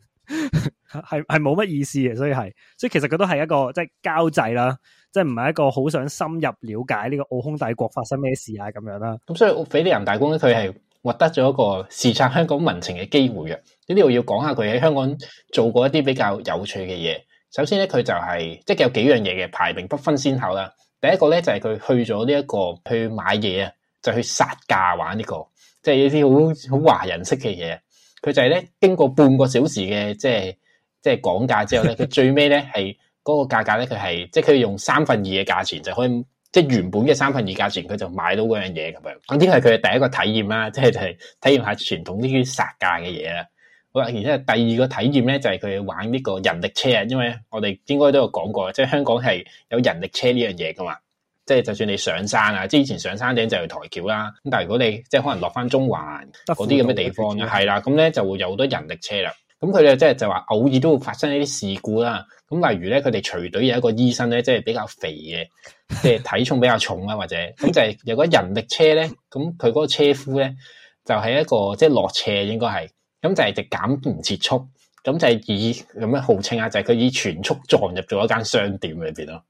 係係冇乜意思嘅。所以係，所以其實佢都係一個即係交際啦，即係唔係一個好想深入了解呢個奧匈帝國發生咩事啊咁樣啦。咁所以斐迪南大公佢係獲得咗一個視察香港民情嘅機會嘅。呢啲我要講下佢喺香港做過一啲比較有趣嘅嘢。首先咧，佢就係即係有幾樣嘢嘅排名不分先後啦。第一個咧就係佢去咗呢一個去買嘢啊，就去殺價玩呢個，即係一啲好好華人式嘅嘢。佢就係咧經過半個小時嘅即係即係講價之後咧，佢最尾咧係嗰個價格咧，佢係即係佢用三分二嘅價錢就可以，即係原本嘅三分二價錢佢就買到嗰樣嘢咁樣。咁呢個係佢嘅第一個體驗啦，即係就係體驗下傳統啲殺價嘅嘢啦。好啦，然之後第二個體驗咧，就係佢玩呢個人力車啊。因為我哋應該都有講過，即係香港係有人力車呢樣嘢㗎嘛。即係就算你上山啊，以前上山頂就係抬轎啦。咁但係如果你即係可能落翻中環嗰啲咁嘅地方，係啦，咁咧就會有好多人力車啦。咁佢哋即係就話偶爾都會發生一啲事故啦。咁例如咧，佢哋隨隊有一個醫生咧，即係比較肥嘅，即係體重比較重啊，或者咁就係如果人力車咧，咁佢嗰個車夫咧就係一個即係落斜，應該係。咁就係直減唔接觸，咁就係以咁樣號稱啊，就係、是、佢以全速撞入咗一間商店裏邊咯。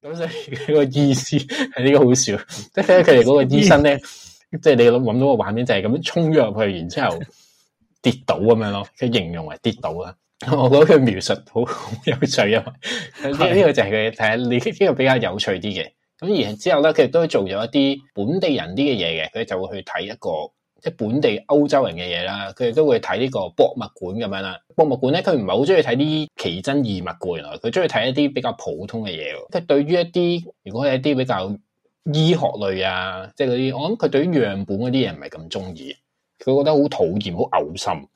咁 所以個意思係呢個好笑，即係佢哋嗰個醫生咧，即係 你諗諗到個畫面就係咁樣衝咗入去，然之後跌倒咁樣咯。佢形容為跌倒啦，我覺得佢描述好好有趣啊。呢呢個就係佢睇，呢、這、呢個比較有趣啲嘅。咁而之後咧，佢亦都做咗一啲本地人啲嘅嘢嘅，佢就會去睇一個。即係本地歐洲人嘅嘢啦，佢哋都會睇呢個博物館咁樣啦。博物館咧，佢唔係好中意睇啲奇珍異物嘅，原來佢中意睇一啲比較普通嘅嘢。佢對於一啲如果係一啲比較醫學類啊，即係嗰啲，我諗佢對於樣本嗰啲嘢唔係咁中意，佢覺得好討厭、好嘔心。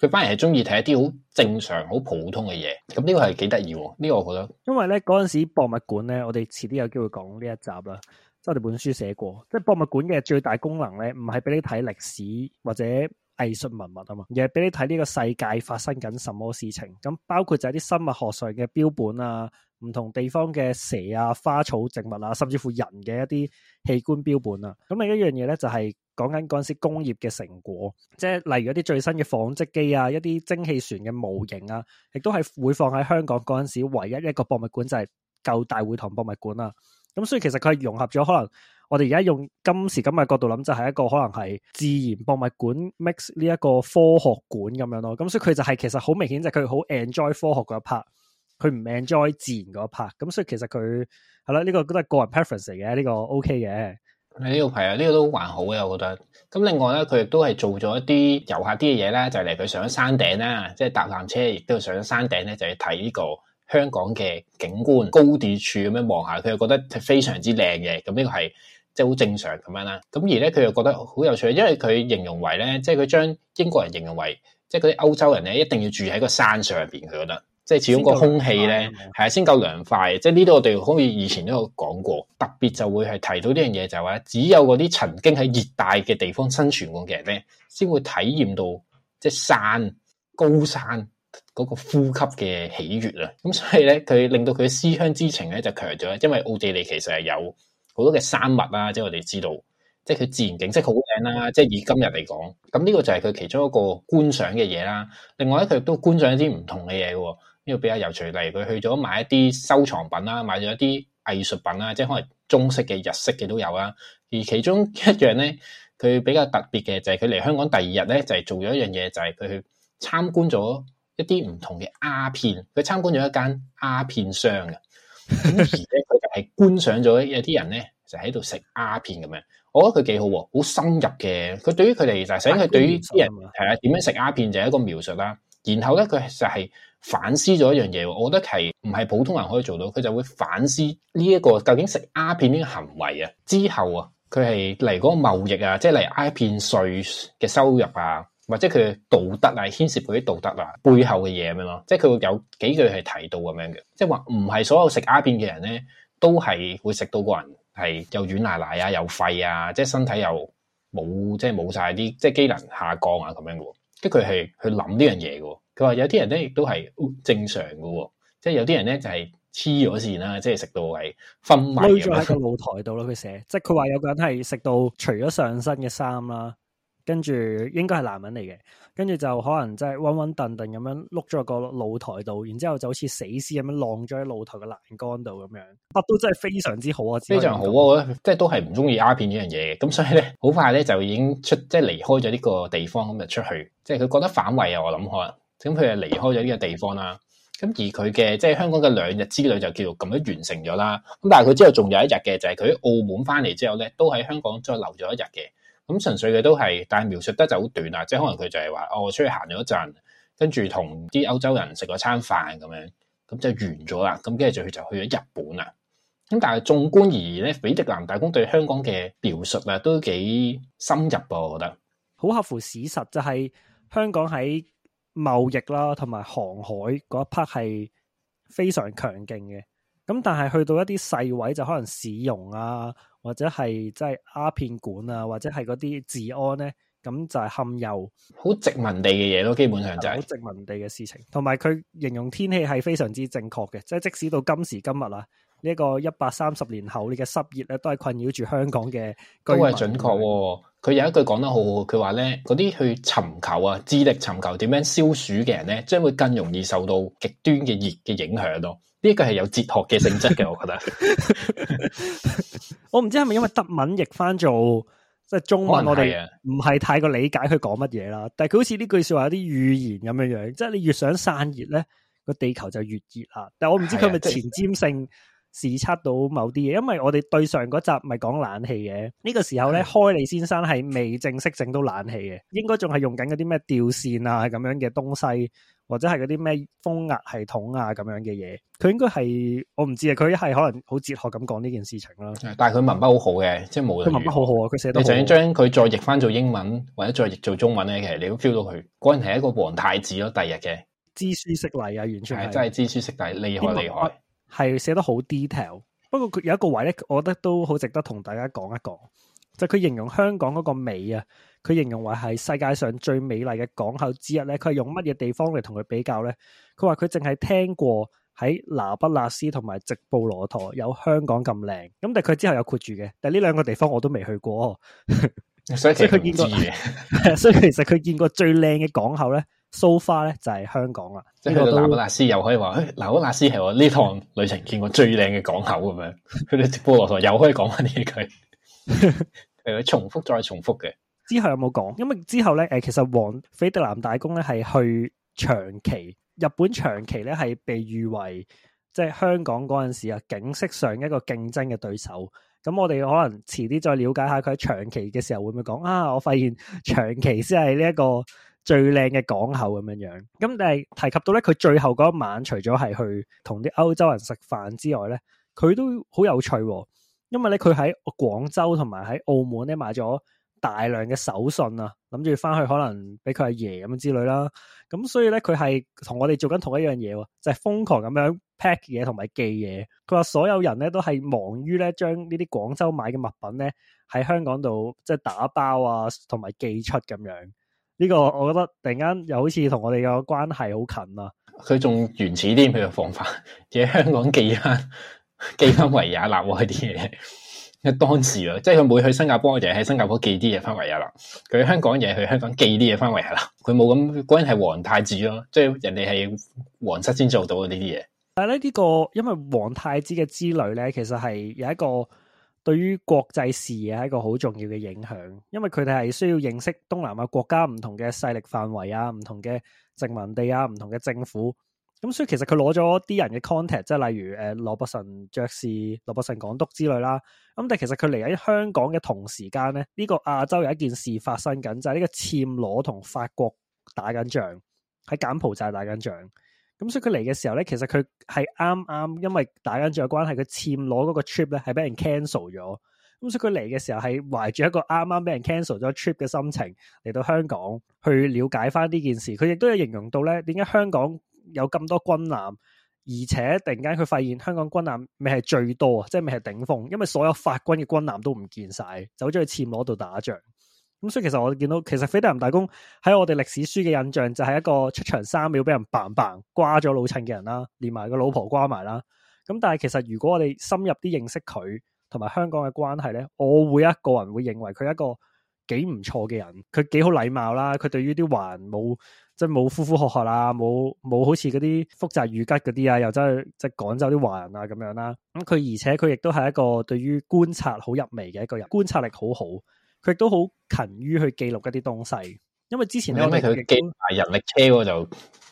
佢反而係中意睇一啲好正常、好普通嘅嘢。咁呢個係幾得意喎。呢個我覺得，因為咧嗰陣時博物館咧，我哋遲啲有機會講呢一集啦。我哋本書寫過，即係博物館嘅最大功能咧，唔係俾你睇歷史或者藝術文物啊嘛，而係俾你睇呢個世界發生緊什麼事情。咁包括就係啲生物學上嘅標本啊，唔同地方嘅蛇啊、花草植物啊，甚至乎人嘅一啲器官標本啊。咁另一樣嘢咧，就係講緊嗰陣時工業嘅成果，即係例如一啲最新嘅紡織機啊，一啲蒸汽船嘅模型啊，亦都係會放喺香港嗰陣時唯一一個博物館，就係舊大會堂博物館啊。咁所以其實佢係融合咗可能我哋而家用今時今日角度諗就係、是、一個可能係自然博物館 mix 呢一個科學館咁樣咯。咁所以佢就係、是、其實好明顯就係佢好 enjoy 科學嗰一 part，佢唔 enjoy 自然嗰一 part。咁所以其實佢係啦，呢、這個都得係個人 preference 嘅，呢、這個是 OK 嘅。你呢、這個朋友呢個都還好嘅，我覺得。咁另外咧，佢亦都係做咗一啲遊客啲嘅嘢咧，就係嚟佢上咗山頂啦，即係搭纜車，亦都上山頂咧，就去睇呢個。香港嘅景觀高地處咁樣望下，佢又覺得係非常之靚嘅。咁呢個係即係好正常咁樣啦。咁而咧，佢又覺得好有趣，因為佢形容為咧，即係佢將英國人形容為即係嗰啲歐洲人咧，一定要住喺個山上邊。佢覺得即係、就是、始終個空氣咧係啊，先夠涼快。即係呢度我哋好似以前都有講過，特別就會係提到呢樣嘢，就係話只有嗰啲曾經喺熱帶嘅地方生存過嘅人咧，先會體驗到即係、就是、山高山。嗰個呼吸嘅喜悅啊，咁所以咧，佢令到佢思鄉之情咧就強咗。因為奧地利其實係有好多嘅生物啦，即係我哋知道，即係佢自然景色好靚啦。即係以今日嚟講，咁呢個就係佢其中一個觀賞嘅嘢啦。另外咧，佢亦都觀賞一啲唔同嘅嘢。呢個比較有趣，例如佢去咗買一啲收藏品啦，買咗一啲藝術品啦，即係可能中式嘅、日式嘅都有啦。而其中一樣咧，佢比較特別嘅就係佢嚟香港第二日咧，就係做咗一樣嘢，就係佢去參觀咗。一啲唔同嘅鴉片，佢參觀咗一間鴉片商嘅，而且佢就係觀賞咗一啲人咧就喺度食鴉片咁樣，我覺得佢幾好，啊，好深入嘅。佢對於佢哋就係，首先佢對於啲人係啊，點樣食鴉片就一個描述啦，啊。然後咧佢就係反思咗一樣嘢，我覺得係唔係普通人可以做到，佢就會反思呢、這、一個究竟食鴉片呢個行為啊，之後啊，佢係嚟嗰個貿易啊，即係嚟鴉片稅嘅收入啊。或者佢道德啊，牽涉佢啲道德啊，背後嘅嘢咁樣咯，即係佢會有幾句係提到咁樣嘅，即係話唔係所有食鴉片嘅人咧，都係會食到個人係又軟爛爛啊，又廢啊，即係身體又冇即係冇晒啲即係機能下降啊咁樣嘅，跟住佢係去諗呢樣嘢嘅。佢話有啲人咧亦都係正常嘅，即係有啲人咧就係黐咗線啦，即係食到係昏迷嘅。佢就喺露台度咯，佢寫，即係佢話有個人係食到除咗上身嘅衫啦。跟住應該係男人嚟嘅，跟住就可能即係揾揾掟掟咁樣碌咗個露台度，然之後就好似死屍咁樣晾咗喺露台嘅欄杆度咁樣，乜都真係非常之好啊！非常好啊，即係都係唔中意鴉片呢樣嘢嘅，咁所以咧好快咧就已經出即係離開咗呢個地方咁就出去，即係佢覺得反胃啊！我諗可能。咁佢就離開咗呢個地方啦。咁而佢嘅即係香港嘅兩日之旅就叫做咁樣完成咗啦。咁但係佢之後仲有一日嘅，就係佢喺澳門翻嚟之後咧，都喺香港再留咗一日嘅。咁純粹嘅都係，但描述得就好短啦，即係可能佢就係話，哦，我出去行咗一陣，跟住同啲歐洲人食咗餐飯咁樣，咁就完咗啦。咁跟住就去就去咗日本啦。咁但係縱觀而言，斐迪南大公對香港嘅描述咧都幾深入噃，我覺得好合乎史實，就係、是、香港喺貿易啦同埋航海嗰一 part 係非常強勁嘅。咁但係去到一啲細位就可能市容啊，或者係即係鴉片館啊，或者係嗰啲治安咧，咁就係堪憂，好殖民地嘅嘢咯，基本上就係、是、好殖民地嘅事情。同埋佢形容天氣係非常之正確嘅，即、就、係、是、即使到今時今日啊，呢、這、一個一百三十年後濕熱呢，呢個濕熱咧都係困擾住香港嘅居民。都係準確。佢有一句講得好好，佢話咧，嗰啲去尋求啊，致力尋求點樣消暑嘅人咧，將會更容易受到極端嘅熱嘅影響咯。呢一句係有哲學嘅性質嘅， 我覺得。 我唔知係咪因為德文譯翻做即係中文是、啊，我哋唔係太過理解佢講乜嘢啦。但係佢好似呢句說話有啲預言咁樣樣，即係你越想散熱咧，個地球就越熱啦。但係我唔知佢係咪前瞻性、啊。就是視測到某啲嘢，因為我哋對上嗰集咪講冷氣嘅呢個時候咧，是的 開利先生係未正式整到冷氣嘅，應該仲係用緊嗰啲咩吊扇啊咁樣嘅東西，或者係嗰啲咩風壓系統啊咁樣嘅嘢，佢應該係我唔知啊，佢係可能好哲學咁講呢件事情啦。但係佢文筆好好嘅，即係冇佢文筆好好啊，佢寫到你就要將佢再譯翻做英文或者再譯做中文咧，其實你都 feel 到佢嗰人係一個皇太子咯、啊，第二日嘅知書識禮啊，完全係真係知書識禮，厲害厲他們 害。係寫得好 detail，不過佢有一個位咧，我覺得都好值得同大家講一講。就係佢形容香港嗰個美啊，佢形容為係世界上最美麗嘅港口之一咧。佢係用乜嘢地方嚟同佢比較咧？佢話佢淨係聽過喺拿不勒斯同埋直布羅陀有香港咁靚，咁但係佢之後有括住嘅，但係呢兩個地方我都未去過，所以佢 見過，所以其實佢見過最靚嘅港口咧。So far 咧就係、是、香港啦，即係去到拉斯又可以話，拿、哎、普拉斯係我呢趟旅程見過最靚嘅港口咁 樣。佢直羅說又可以講翻呢句，誒 重複再重複嘅之後有冇講？因為之後咧誒，其實王斐迪南大公咧係去長崎日本長崎咧係被譽為即係、就是、香港嗰陣時啊景色上一個競爭嘅對手。咁我哋可能遲啲再了解下佢長崎嘅時候會唔會講啊？我發現長崎先係呢一個。最靚嘅港口咁樣樣，咁但係提及到咧，佢最後嗰一晚，除咗係去同啲歐洲人食飯之外咧，佢都好有趣、哦，因為咧佢喺廣州同埋喺澳門咧買咗大量嘅手信啊，諗住翻去可能俾佢阿爺咁樣之類啦。咁所以咧，佢係同我哋做緊同一樣嘢、啊，就係、是、瘋狂咁樣 pack 嘢同埋寄嘢。佢話所有人咧都係忙於咧將呢啲廣州買嘅物品咧喺香港度即係打包啊，同埋寄出咁樣。呢個我覺得突然間又好似同我哋嘅關係好近啊！佢仲原始啲佢嘅方法，而喺香港寄翻 寄翻維也納啲嘢。因為當時啊，即係佢每去新加坡，就喺新加坡寄啲嘢翻維也納；佢香港嘢，去香港寄啲嘢翻維也納。佢冇咁嗰人係皇太子咯，即係人哋係皇室先做到啊呢啲嘢。但係咧呢個，因為皇太子嘅之旅咧，其實係有一個。對於國際視野係一個好重要嘅影響，因為佢哋係需要認識東南亞國家唔同嘅勢力範圍啊、唔同嘅殖民地啊、唔同嘅政府。咁所以其實佢攞咗啲人嘅 contact，即係例如誒羅伯臣爵士、羅伯臣港督之類啦。咁但係其實佢嚟喺香港嘅同時間咧，呢個亞洲有一件事發生緊，就係呢個暹羅同法國打緊仗，喺柬埔寨打緊仗。咁所以佢嚟嘅時候咧，其實佢係啱啱因為打緊仗嘅關係，佢暹羅嗰個 trip 咧係俾人 cancel 咗。咁所以佢嚟嘅時候係懷住一個啱啱俾人 cancel 咗 trip 嘅心情嚟到香港去了解翻呢件事。佢亦都有形容到咧，點解香港有咁多軍艦，而且突然間佢發現香港軍艦未係最多，即係未係頂峰，因為所有法軍嘅軍艦都唔見晒，走咗去暹羅度打仗。咁所以其實我見到，其實斐迪南大公喺我哋歷史書嘅印象就係一個出場三秒俾人 bang bang 瓜咗老襯嘅人啦，連埋個老婆瓜埋啦。咁但係其實如果我哋深入啲認識佢同埋香港嘅關係咧，我會一個人會認為佢係一個幾唔錯嘅人，佢幾好禮貌啦，佢對於啲華人冇即係冇呼呼喝喝啦，冇冇好似嗰啲複雜語吉嗰啲啊，又真係即係趕走啲華人啊咁樣啦。咁佢而且佢亦都係一個對於觀察好入微嘅一個人，觀察力好好。佢亦都好勤於去記錄一啲東西，因為之前你諗咩佢嘅人力 care 就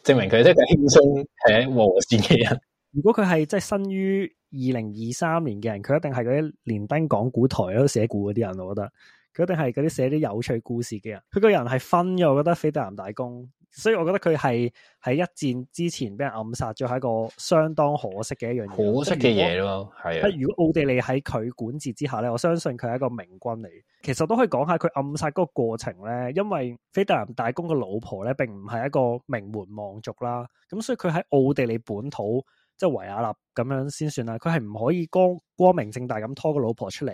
證明佢係一個輕鬆係喺和弦嘅人。 如果佢係即係生於二零二三年嘅人，佢一定係嗰啲連登港股台都啲寫股嗰啲人，我覺得佢一定係嗰啲寫啲有趣故事嘅人。佢個人係分嘅，我覺得非得唔大功。所以，我覺得佢係喺一戰之前俾人暗殺咗，係一個相當可惜嘅一樣嘢。可惜嘅嘢咯，係。如果奧地利喺佢管治之下咧，我相信佢係一個明君嚟。其實都可以講下佢暗殺嗰個過程咧，因為斐迪南大公個老婆咧並唔係一個名門望族啦。咁所以佢喺奧地利本土即係維也納咁樣先算啦。佢係唔可以光光明正大咁拖個老婆出嚟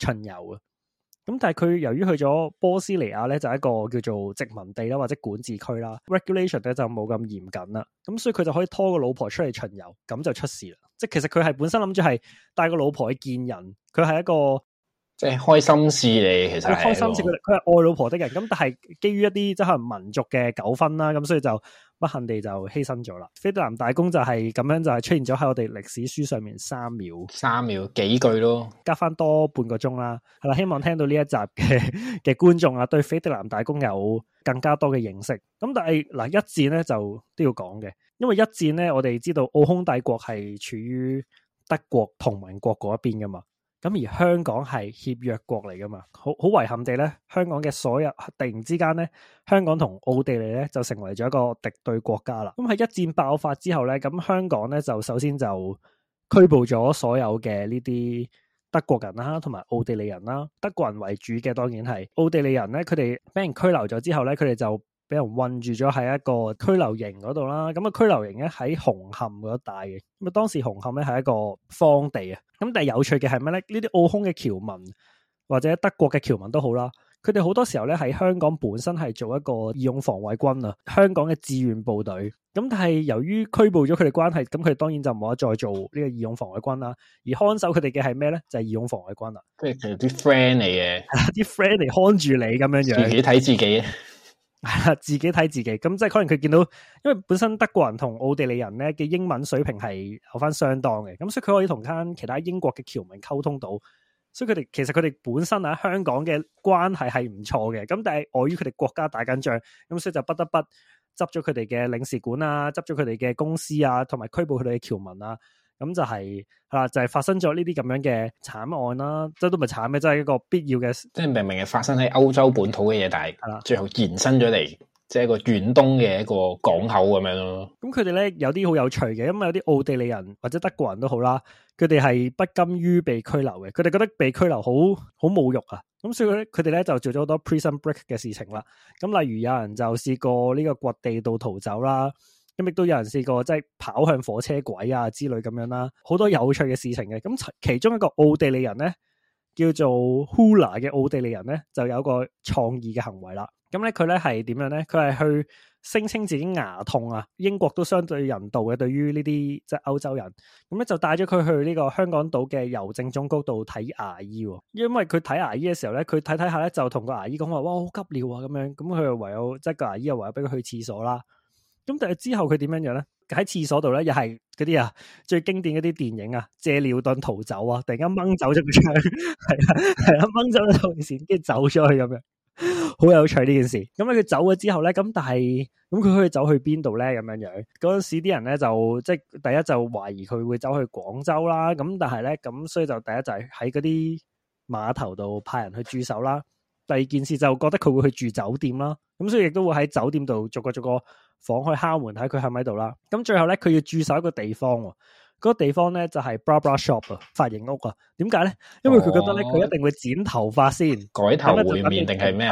巡遊啊！咁但係佢由於去咗波斯尼亞咧，就係一個叫做殖民地啦或者管治區啦，regulation 咧就冇咁嚴謹啦，咁所以佢就可以拖個老婆出嚟巡遊，咁就出事啦。即係其實佢係本身諗住係帶個老婆去見人，佢係一個。即係開心事嚟，其實係開心事，佢佢係愛老婆的人，咁但係基於一啲即係民族嘅糾紛啦，咁所以就不幸地就犧牲咗啦。斐迪南大公就係咁樣就係、是、出現咗喺我哋歷史書上面秒三秒，三秒幾句咯，加翻多半個鐘啦，係啦。希望聽到呢一集嘅嘅觀眾啊，對斐迪南大公有更加多嘅認識。咁但係嗱、啊、一戰咧就都要講嘅，因為一戰咧我哋知道奧匈帝國係處於德國同盟國嗰一邊噶嘛。咁而香港係協約國嚟㗎嘛，好好遺憾地咧，香港嘅所有突然之間咧，香港同奧地利咧就成為咗一個敵對國家啦。咁喺一戰爆發之後咧，咁香港咧就首先就拘捕咗所有嘅呢啲德國人啦，同埋奧地利人啦，德國人為主嘅當然係奧地利人咧，佢哋俾人拘留咗之後咧，佢哋就，俾人韞住咗喺一個拘留營嗰度啦，咁啊拘留營咧喺紅磡嗰帶嘅，咁啊當時紅磡咧係一個荒地啊，咁但係有趣嘅係咩咧？呢啲奧匈嘅僑民或者德國嘅僑民都好啦，佢哋好多時候咧喺香港本身係做一個義勇防衛軍啊，香港嘅志願部隊，咁但係由於拘捕咗佢哋關係，咁佢哋當然就冇得再做呢個義勇防衛軍啦，而看守佢哋嘅係咩咧？就係義勇防衛軍啦，即係其實啲 friend 嚟嘅，啲 friend 嚟看住你咁樣樣，自己睇自己。 自己睇自己，咁即係可能佢見到，因為本身德國人同奧地利人咧嘅英文水平係有翻相當嘅，咁所以佢可以同翻其他英國嘅僑民溝通到，所以佢哋其實佢哋本身喺、啊、香港嘅關係係唔錯嘅，咁但係礙於佢哋國家打緊仗，咁所以就不得不執咗佢哋嘅領事館啊，執咗佢哋嘅公司啊，同埋拘捕佢哋嘅僑民啊。咁就係吓，就係發生咗呢啲咁樣嘅慘案啦，即係都唔係慘咩？即係一個必要嘅。即係明明係發生喺歐洲本土嘅嘢，但係係啦，最後延伸咗嚟，即係一個遠東嘅一個港口咁樣咯。咁佢哋咧有啲好有趣嘅，因為有啲奧地利人或者德國人都好啦，佢哋係不甘於被拘留嘅，佢哋覺得被拘留好好侮辱啊。咁所以咧，佢哋咧就做咗好多 prison break 嘅事情啦。咁例如有人就試過呢個掘地道逃走啦。咁亦都有人試過即係跑向火車軌啊之類咁樣啦，好多有趣嘅事情嘅。咁其中一個奧地利人咧，叫做 Hula 嘅奧地利人咧，就有個創意嘅行為啦。咁咧佢咧係點樣咧？佢係去聲稱自己牙痛啊。英國都相對人道嘅，對於呢啲即係歐洲人。咁咧就帶咗佢去呢個香港島嘅郵政總局度睇牙醫。因為佢睇牙醫嘅時候咧，佢睇睇下咧就同個牙醫講話：哇，好急尿啊！咁樣，咁佢又唯有即係個牙醫又唯有俾佢去廁所啦。咁但係之後佢點樣樣咧？喺廁所度咧，又係嗰啲啊最經典嗰啲電影啊，借尿遁逃走啊！突然間掹走咗佢，係啊係啊，掹走咗條線，跟住走咗去咁樣，好有趣呢件事。咁啊，佢走咗之後咧，咁但係咁佢可以走去邊度咧？咁樣樣嗰陣時啲人咧就即係第一就懷疑佢會走去廣州啦。咁但係咧咁，所以就第一就係喺嗰啲碼頭度派人去駐守啦。第二件事就覺得佢會去住酒店啦。咁所以亦都會喺酒店度逐個逐個。房去敲門睇佢喺咪喺度啦。咁最後咧，佢要駐守一個地方，嗰、嗰個地方咧就係、是、bra bra shop 髮型屋啊。點解咧？因為佢覺得咧，佢一定會剪頭髮先、哦，改頭換面定係咩？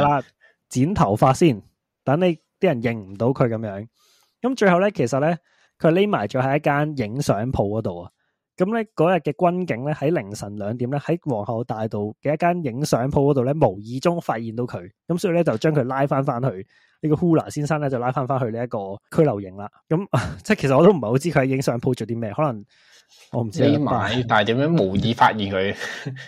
剪頭髮先，等你啲人認唔到佢咁樣。咁最後咧，其實咧，佢匿埋咗喺一間影相鋪嗰度啊。咁咧嗰日嘅軍警咧喺凌晨兩點咧喺皇后大道嘅一間影相鋪嗰度咧無意中發現到佢，咁所以咧就將佢拉翻翻去。呢個 Hula 先生咧就拉翻翻去呢一個拘留營啦，咁即係其實我都唔係好知佢喺影相鋪做啲咩，可能我唔知。買，但係點樣無意發現佢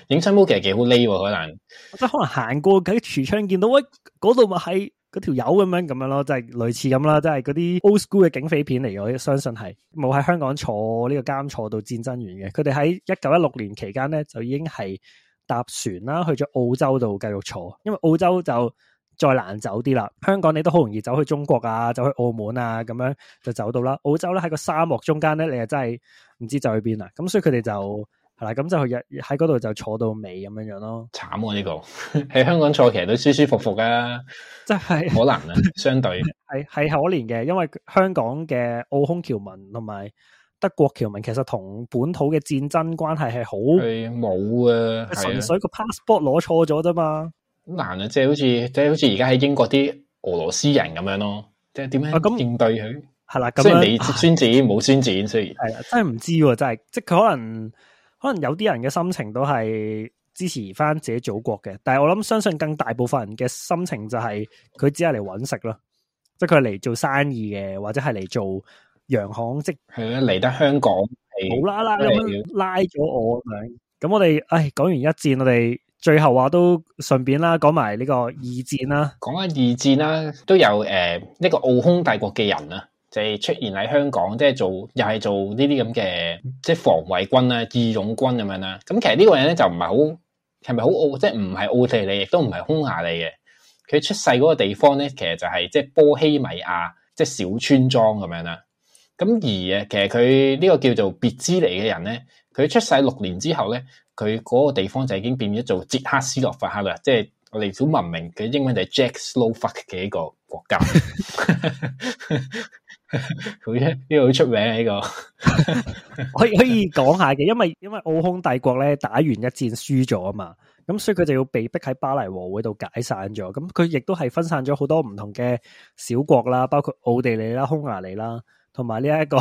影相鋪其實幾好匿 e、啊、可能。即係可能行過佢櫥窗見到，喂嗰度咪係嗰條友咁樣咁樣咯，即係、就係、類似咁啦，即係嗰啲 old school 嘅警匪片嚟嘅，我相信係冇喺香港坐呢個監坐到戰爭完嘅，佢哋喺一九一六年期間咧就已經係搭船啦去咗澳洲度繼續坐，因為澳洲就。再難走啲啦，香港你都好容易走去中國啊，走去澳門啊，咁樣就走到啦。澳洲咧喺個沙漠中間咧，你又真係唔知走去邊啦。咁所以佢哋就係啦，咁就日喺嗰度就坐到尾咁樣樣咯。慘喎、啊，呢、呢個，喺香港坐其實都舒舒服服噶、啊，即係好難啊。相對係係 可憐嘅，因為香港嘅奧匈僑民同埋德國僑民，其實同本土嘅戰爭關係係好。佢冇啊，純粹個 passport 攞錯咗啫嘛。難啊，即係好似即係好似而家喺英國啲俄羅斯人咁樣咯，即係點樣咁應對佢？係啦，即係你宣戰？冇宣戰？雖然係啦真係唔知真係，即係佢可能可能有啲人嘅心情都係支持翻自己祖國嘅，但係我諗相信更大部分人嘅心情就係佢只係嚟搵食咯，即係佢嚟做生意嘅，或者係嚟做洋行，即係嚟得香港，冇啦啦咁樣拉咗我，咁我哋唉，講完一戰我哋。最後啊，都順便啦，講埋呢個二戰啦。講下二戰啦，都有誒呢個奧匈帝國嘅人啊，就係出現喺香港，即係做又係做呢啲咁嘅即係防衛軍啦、義勇軍咁樣啦。咁其實呢個人咧就唔係好係咪好奧？即係唔係奧地利，亦都唔係匈牙利嘅。佢出世嗰個地方咧，其實就係即係波希米亞，即係小村莊咁樣啦。咁而其實佢呢個叫做別茲尼嘅人咧。佢出世六年之後咧，佢嗰個地方就已經變咗做捷克斯洛伐克啦，即係我哋史文明嘅英文就係 Jack Slow Fuck 嘅一個國家。佢啫， 呢、呢個好出名呢、呢個 可以可以講下嘅，因為因為奧匈帝國咧打完一戰輸咗啊嘛，咁所以佢就要被逼喺巴黎和會度解散咗。咁佢亦都係分散咗好多唔同嘅小國啦，包括奧地利啦、匈牙利啦。同埋呢一個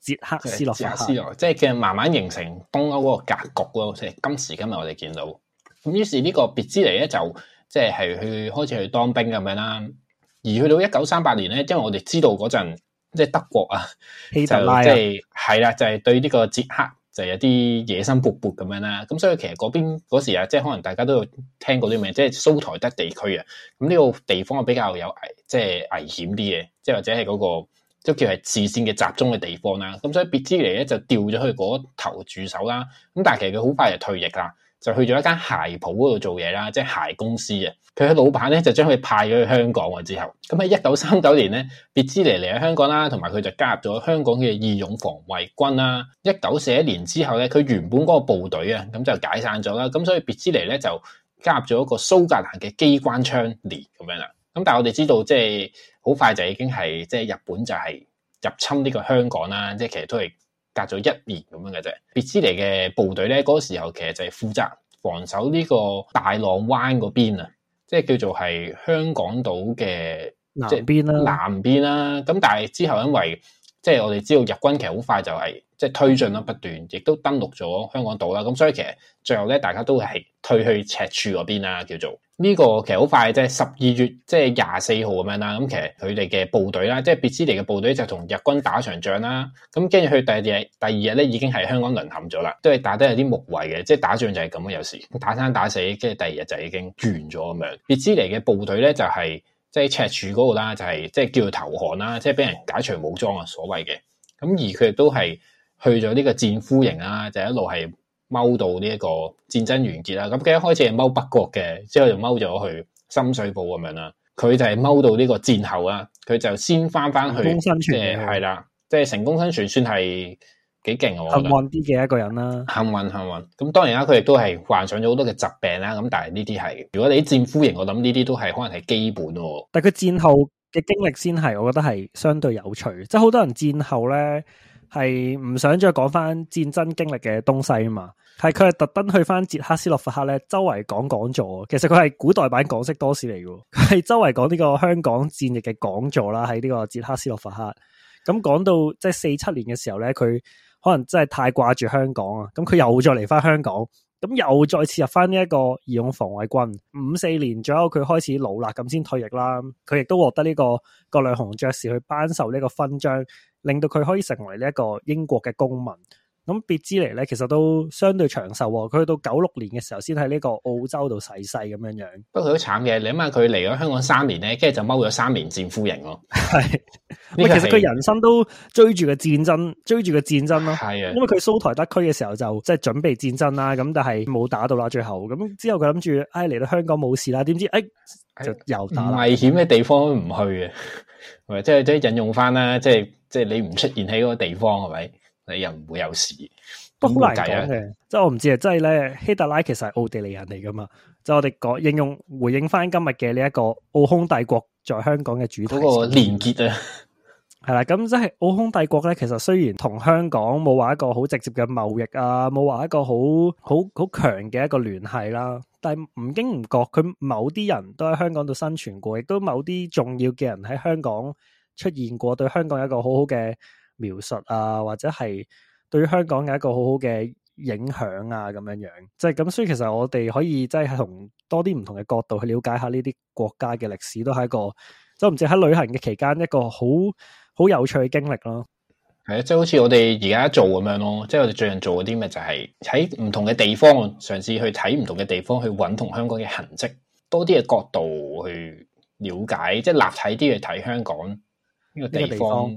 捷克斯洛伐克，即係其實慢慢形成東歐嗰個格局咯。即係今時今日我哋見到咁，於是呢個別之嚟咧，就即係係去開始去當兵咁樣啦。而去到一九三八年咧，因為我哋知道嗰陣即係德國啊，希特拉就即係係啦，就係對呢個捷克就有啲野心勃勃咁樣啦。咁所以其實嗰邊嗰時啊，即係可能大家都有聽過啲咩，即係蘇台德地區啊。咁呢個地方比較有危，即係危險啲嘅，即係或者係嗰個。都叫係視線嘅集中嘅地方啦，咁所以別茲尼咧就調咗去嗰頭駐守啦，咁但係其實佢好快就退役啦，就去咗一間鞋鋪嗰度做嘢啦，即係鞋公司啊。佢嘅老闆咧就將佢派咗去香港之後，咁喺一九三九年咧，別茲尼嚟喺香港啦，同埋佢就加入咗香港嘅義勇防衛軍啦。一九四一年之後咧，佢原本嗰個部隊啊，咁就解散咗啦，咁所以別茲尼咧就加入咗一個蘇格蘭嘅機關槍連咁樣啦。但係我哋知道，即係好快就已經係即係日本就係入侵呢個香港啦，即係其實都係隔咗一年咁樣嘅啫。別之嚟嘅部隊咧，嗰個時候其實就係負責防守呢個大浪灣嗰邊啊，即係叫做係香港島嘅南邊啦，南邊啦。咁但係之後因為即係我哋知道日軍其實好快就係即係推進啦不斷，亦都登陸咗香港島啦。咁所以其實最後咧，大家都係退去赤柱嗰邊啦。叫做呢、呢個其實好快即係十二月即係廿四號咁樣啦。咁其實佢哋嘅部隊啦，即係別之尼嘅部隊就同日軍打場仗啦。咁跟住去第二日，第二日咧已經係香港淪陷咗啦。都係打得有啲木圍嘅，即係打仗就係咁啊。有時打生打死，跟住第二日就已經完咗咁樣。別之尼嘅部隊咧就係、是。即係赤柱嗰個啦，就係即係叫做投降啦，即係俾人解除武裝啊，所謂嘅。咁而佢亦都係去咗呢個戰俘營啦，就是、一路係踎到呢一個戰爭完結啦。咁佢一開始係踎北角嘅，之後就踎咗去深水埗咁樣啦。佢就係踎到呢個戰後啊，佢就先翻翻去，即係係啦，即係、就是就是、成功生存算係。幾勁嘅幸運啲嘅一個人啦，啊，幸運幸運咁，當然啦，佢亦都係患上咗好多嘅疾病啦。咁但係呢啲係，如果你戰俘營，我諗呢啲都係可能係基本。但係佢戰後嘅經歷先係，我覺得係相對有趣。即係好多人戰後咧係唔想再講翻戰爭經歷嘅東西啊嘛，係佢係特登去翻捷克斯洛伐克咧周圍講講座，其實佢係古代版港式多士嚟嘅，佢係周圍講呢個香港戰役嘅講座啦，喺呢個捷克斯洛伐克。咁講到即係四七年嘅時候咧，佢。可能真係太掛住香港啊，咁佢又再嚟翻香港，咁又再次入翻呢一個義勇防衛軍，五四年左右佢開始老啦，咁先退役啦。佢亦都獲得呢、這個葛量洪爵士去頒授呢個勳章，令到佢可以成為呢一個英國嘅公民。咁別之嚟咧，其實都相對長壽。佢去到九六年嘅時候，先喺呢個澳洲度逝世咁樣樣。不過佢好慘嘅，你諗下佢嚟咗香港三年咧，跟住就踎咗三年戰俘營咯。係， 其實佢人生都追住個戰爭，追住個戰爭咯。係啊的，因為佢蘇台德區嘅時候就即係準備戰爭啦，咁但係冇打到啦，最後咁之後佢諗住，哎，嚟到香港冇事啦，點知哎就又打。危險嘅地方唔去嘅，即係即係引用翻啦，即係即係你唔出現喺嗰個地方係咪？是你又唔會有事，都好難講嘅。即係我唔知啊，即係咧，希特拉其實係奧地利人嚟噶嘛。就我哋講應用回應翻今日嘅呢一個奧匈帝國在香港嘅主題嗰個連結啊，係啦。咁即係奧匈帝國咧，其實雖然同香港冇話一個好直接嘅貿易啊，冇話一個好好好強嘅一個聯繫啦。但係唔經唔覺，佢某啲人都喺香港度生存過，亦都某啲重要嘅人喺香港出現過，對香港有一個很好好嘅。描述啊，或者係對於香港嘅一個好好嘅影響啊，咁樣樣，即係咁，所以其實我哋可以即係、就是、同多啲唔同嘅角度去了解下呢啲國家嘅歷史，都係一個就唔知喺旅行嘅期間一個好好有趣嘅經歷咯。係啊，即係、就是、好似我哋而家做咁樣咯，即、就、係、是、我哋最近做嗰啲咪就係喺唔同嘅地方嘗試去睇唔同嘅地方去揾同香港嘅痕跡，多啲嘅角度去了解，即、就、係、是、立體啲去睇香港呢、這個地方。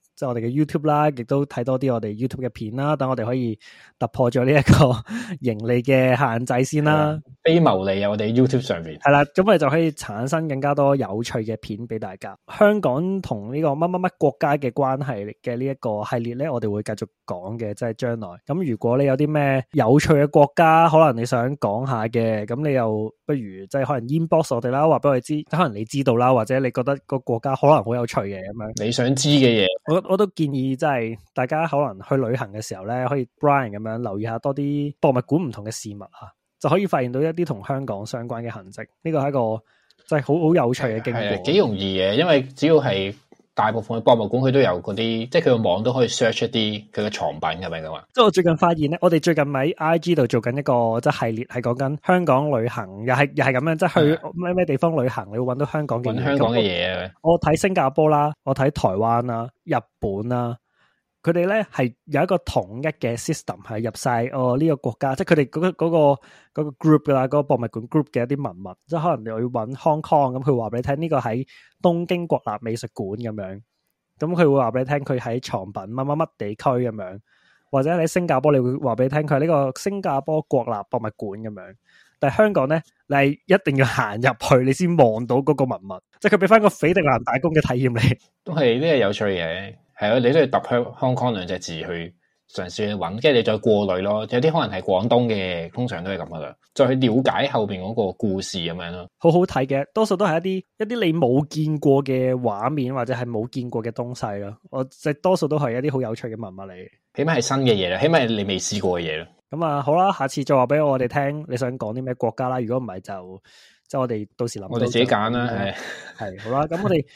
即係我哋嘅 YouTube 啦，亦都睇多啲我哋 YouTube 嘅片啦，等我哋可以突破咗呢一個 盈利嘅限制先啦。非牟利啊，我哋 YouTube 上面係啦，咁我哋就可以產生更加多有趣嘅片俾大家。香港同呢個乜乜乜國家嘅關係嘅呢一個系列咧，我哋會繼續講嘅，即係將來。咁如果你有啲咩有趣嘅國家，可能你想講下嘅，咁你又不如即係可能 inbox 我哋啦，話俾我哋知，可能你知道啦，或者你覺得個國家可能好有趣嘅咁樣。你想知嘅嘢，我我都建議即係大家可能去旅行嘅時候咧，可以 Brian 咁樣留意下多啲博物館唔同嘅事物吓，就可以發現到一啲同香港相關嘅痕跡。呢個係一個即係好好有趣嘅經歷，幾容易嘅，因為只要係。大部分嘅博物館佢都有嗰啲，即係佢個網都可以 search 一啲佢嘅藏品咁樣噶嘛。即係我最近發現咧，我哋最近喺 I G 度做緊一個即係、就是、系列，係講緊香港旅行，又係又係咁樣，即、就、係、是、去咩咩地方旅行，嗯、你要搵到香港嘅嘢。搵香港嘅嘢。我睇新加坡啦，我睇台灣啦，日本啦。佢哋咧係有一個統一嘅 system，係入晒哦呢、這個國家，即係佢哋嗰個個、那個 group 噶啦，嗰、那個博物館 group 嘅一啲文物，即係可能你要揾 Hong Kong，咁佢話俾你聽呢個喺東京國立美術館咁樣，咁佢會話俾你聽佢喺藏品乜乜乜地區咁樣，或者喺新加坡你會話俾你聽佢呢個新加坡國立博物館咁樣，但係香港咧，你係一定要行入去，你先望到嗰個文物，即係佢俾翻個斐迪南大公嘅體驗嚟。都係呢個有趣嘅。係啊，你都要揼香香港兩隻字去嘗試去揾，即係你再過濾咯。有啲可能係廣東嘅，通常都係咁噶啦。再去了解後邊嗰個故事咁樣咯，好好睇嘅。多數都係一啲一啲你冇見過嘅畫面，或者係冇見過嘅東西咯。我即係多數都係一啲好有趣嘅文物嚟。起碼係新嘅嘢啦，起碼係你未試過嘅嘢咯。咁啊，好啦，下次再話俾我哋聽，你想講啲咩國家啦？如果唔係，就即係我哋到時諗，我哋自己揀啦。係係好啦吧，咁是我哋。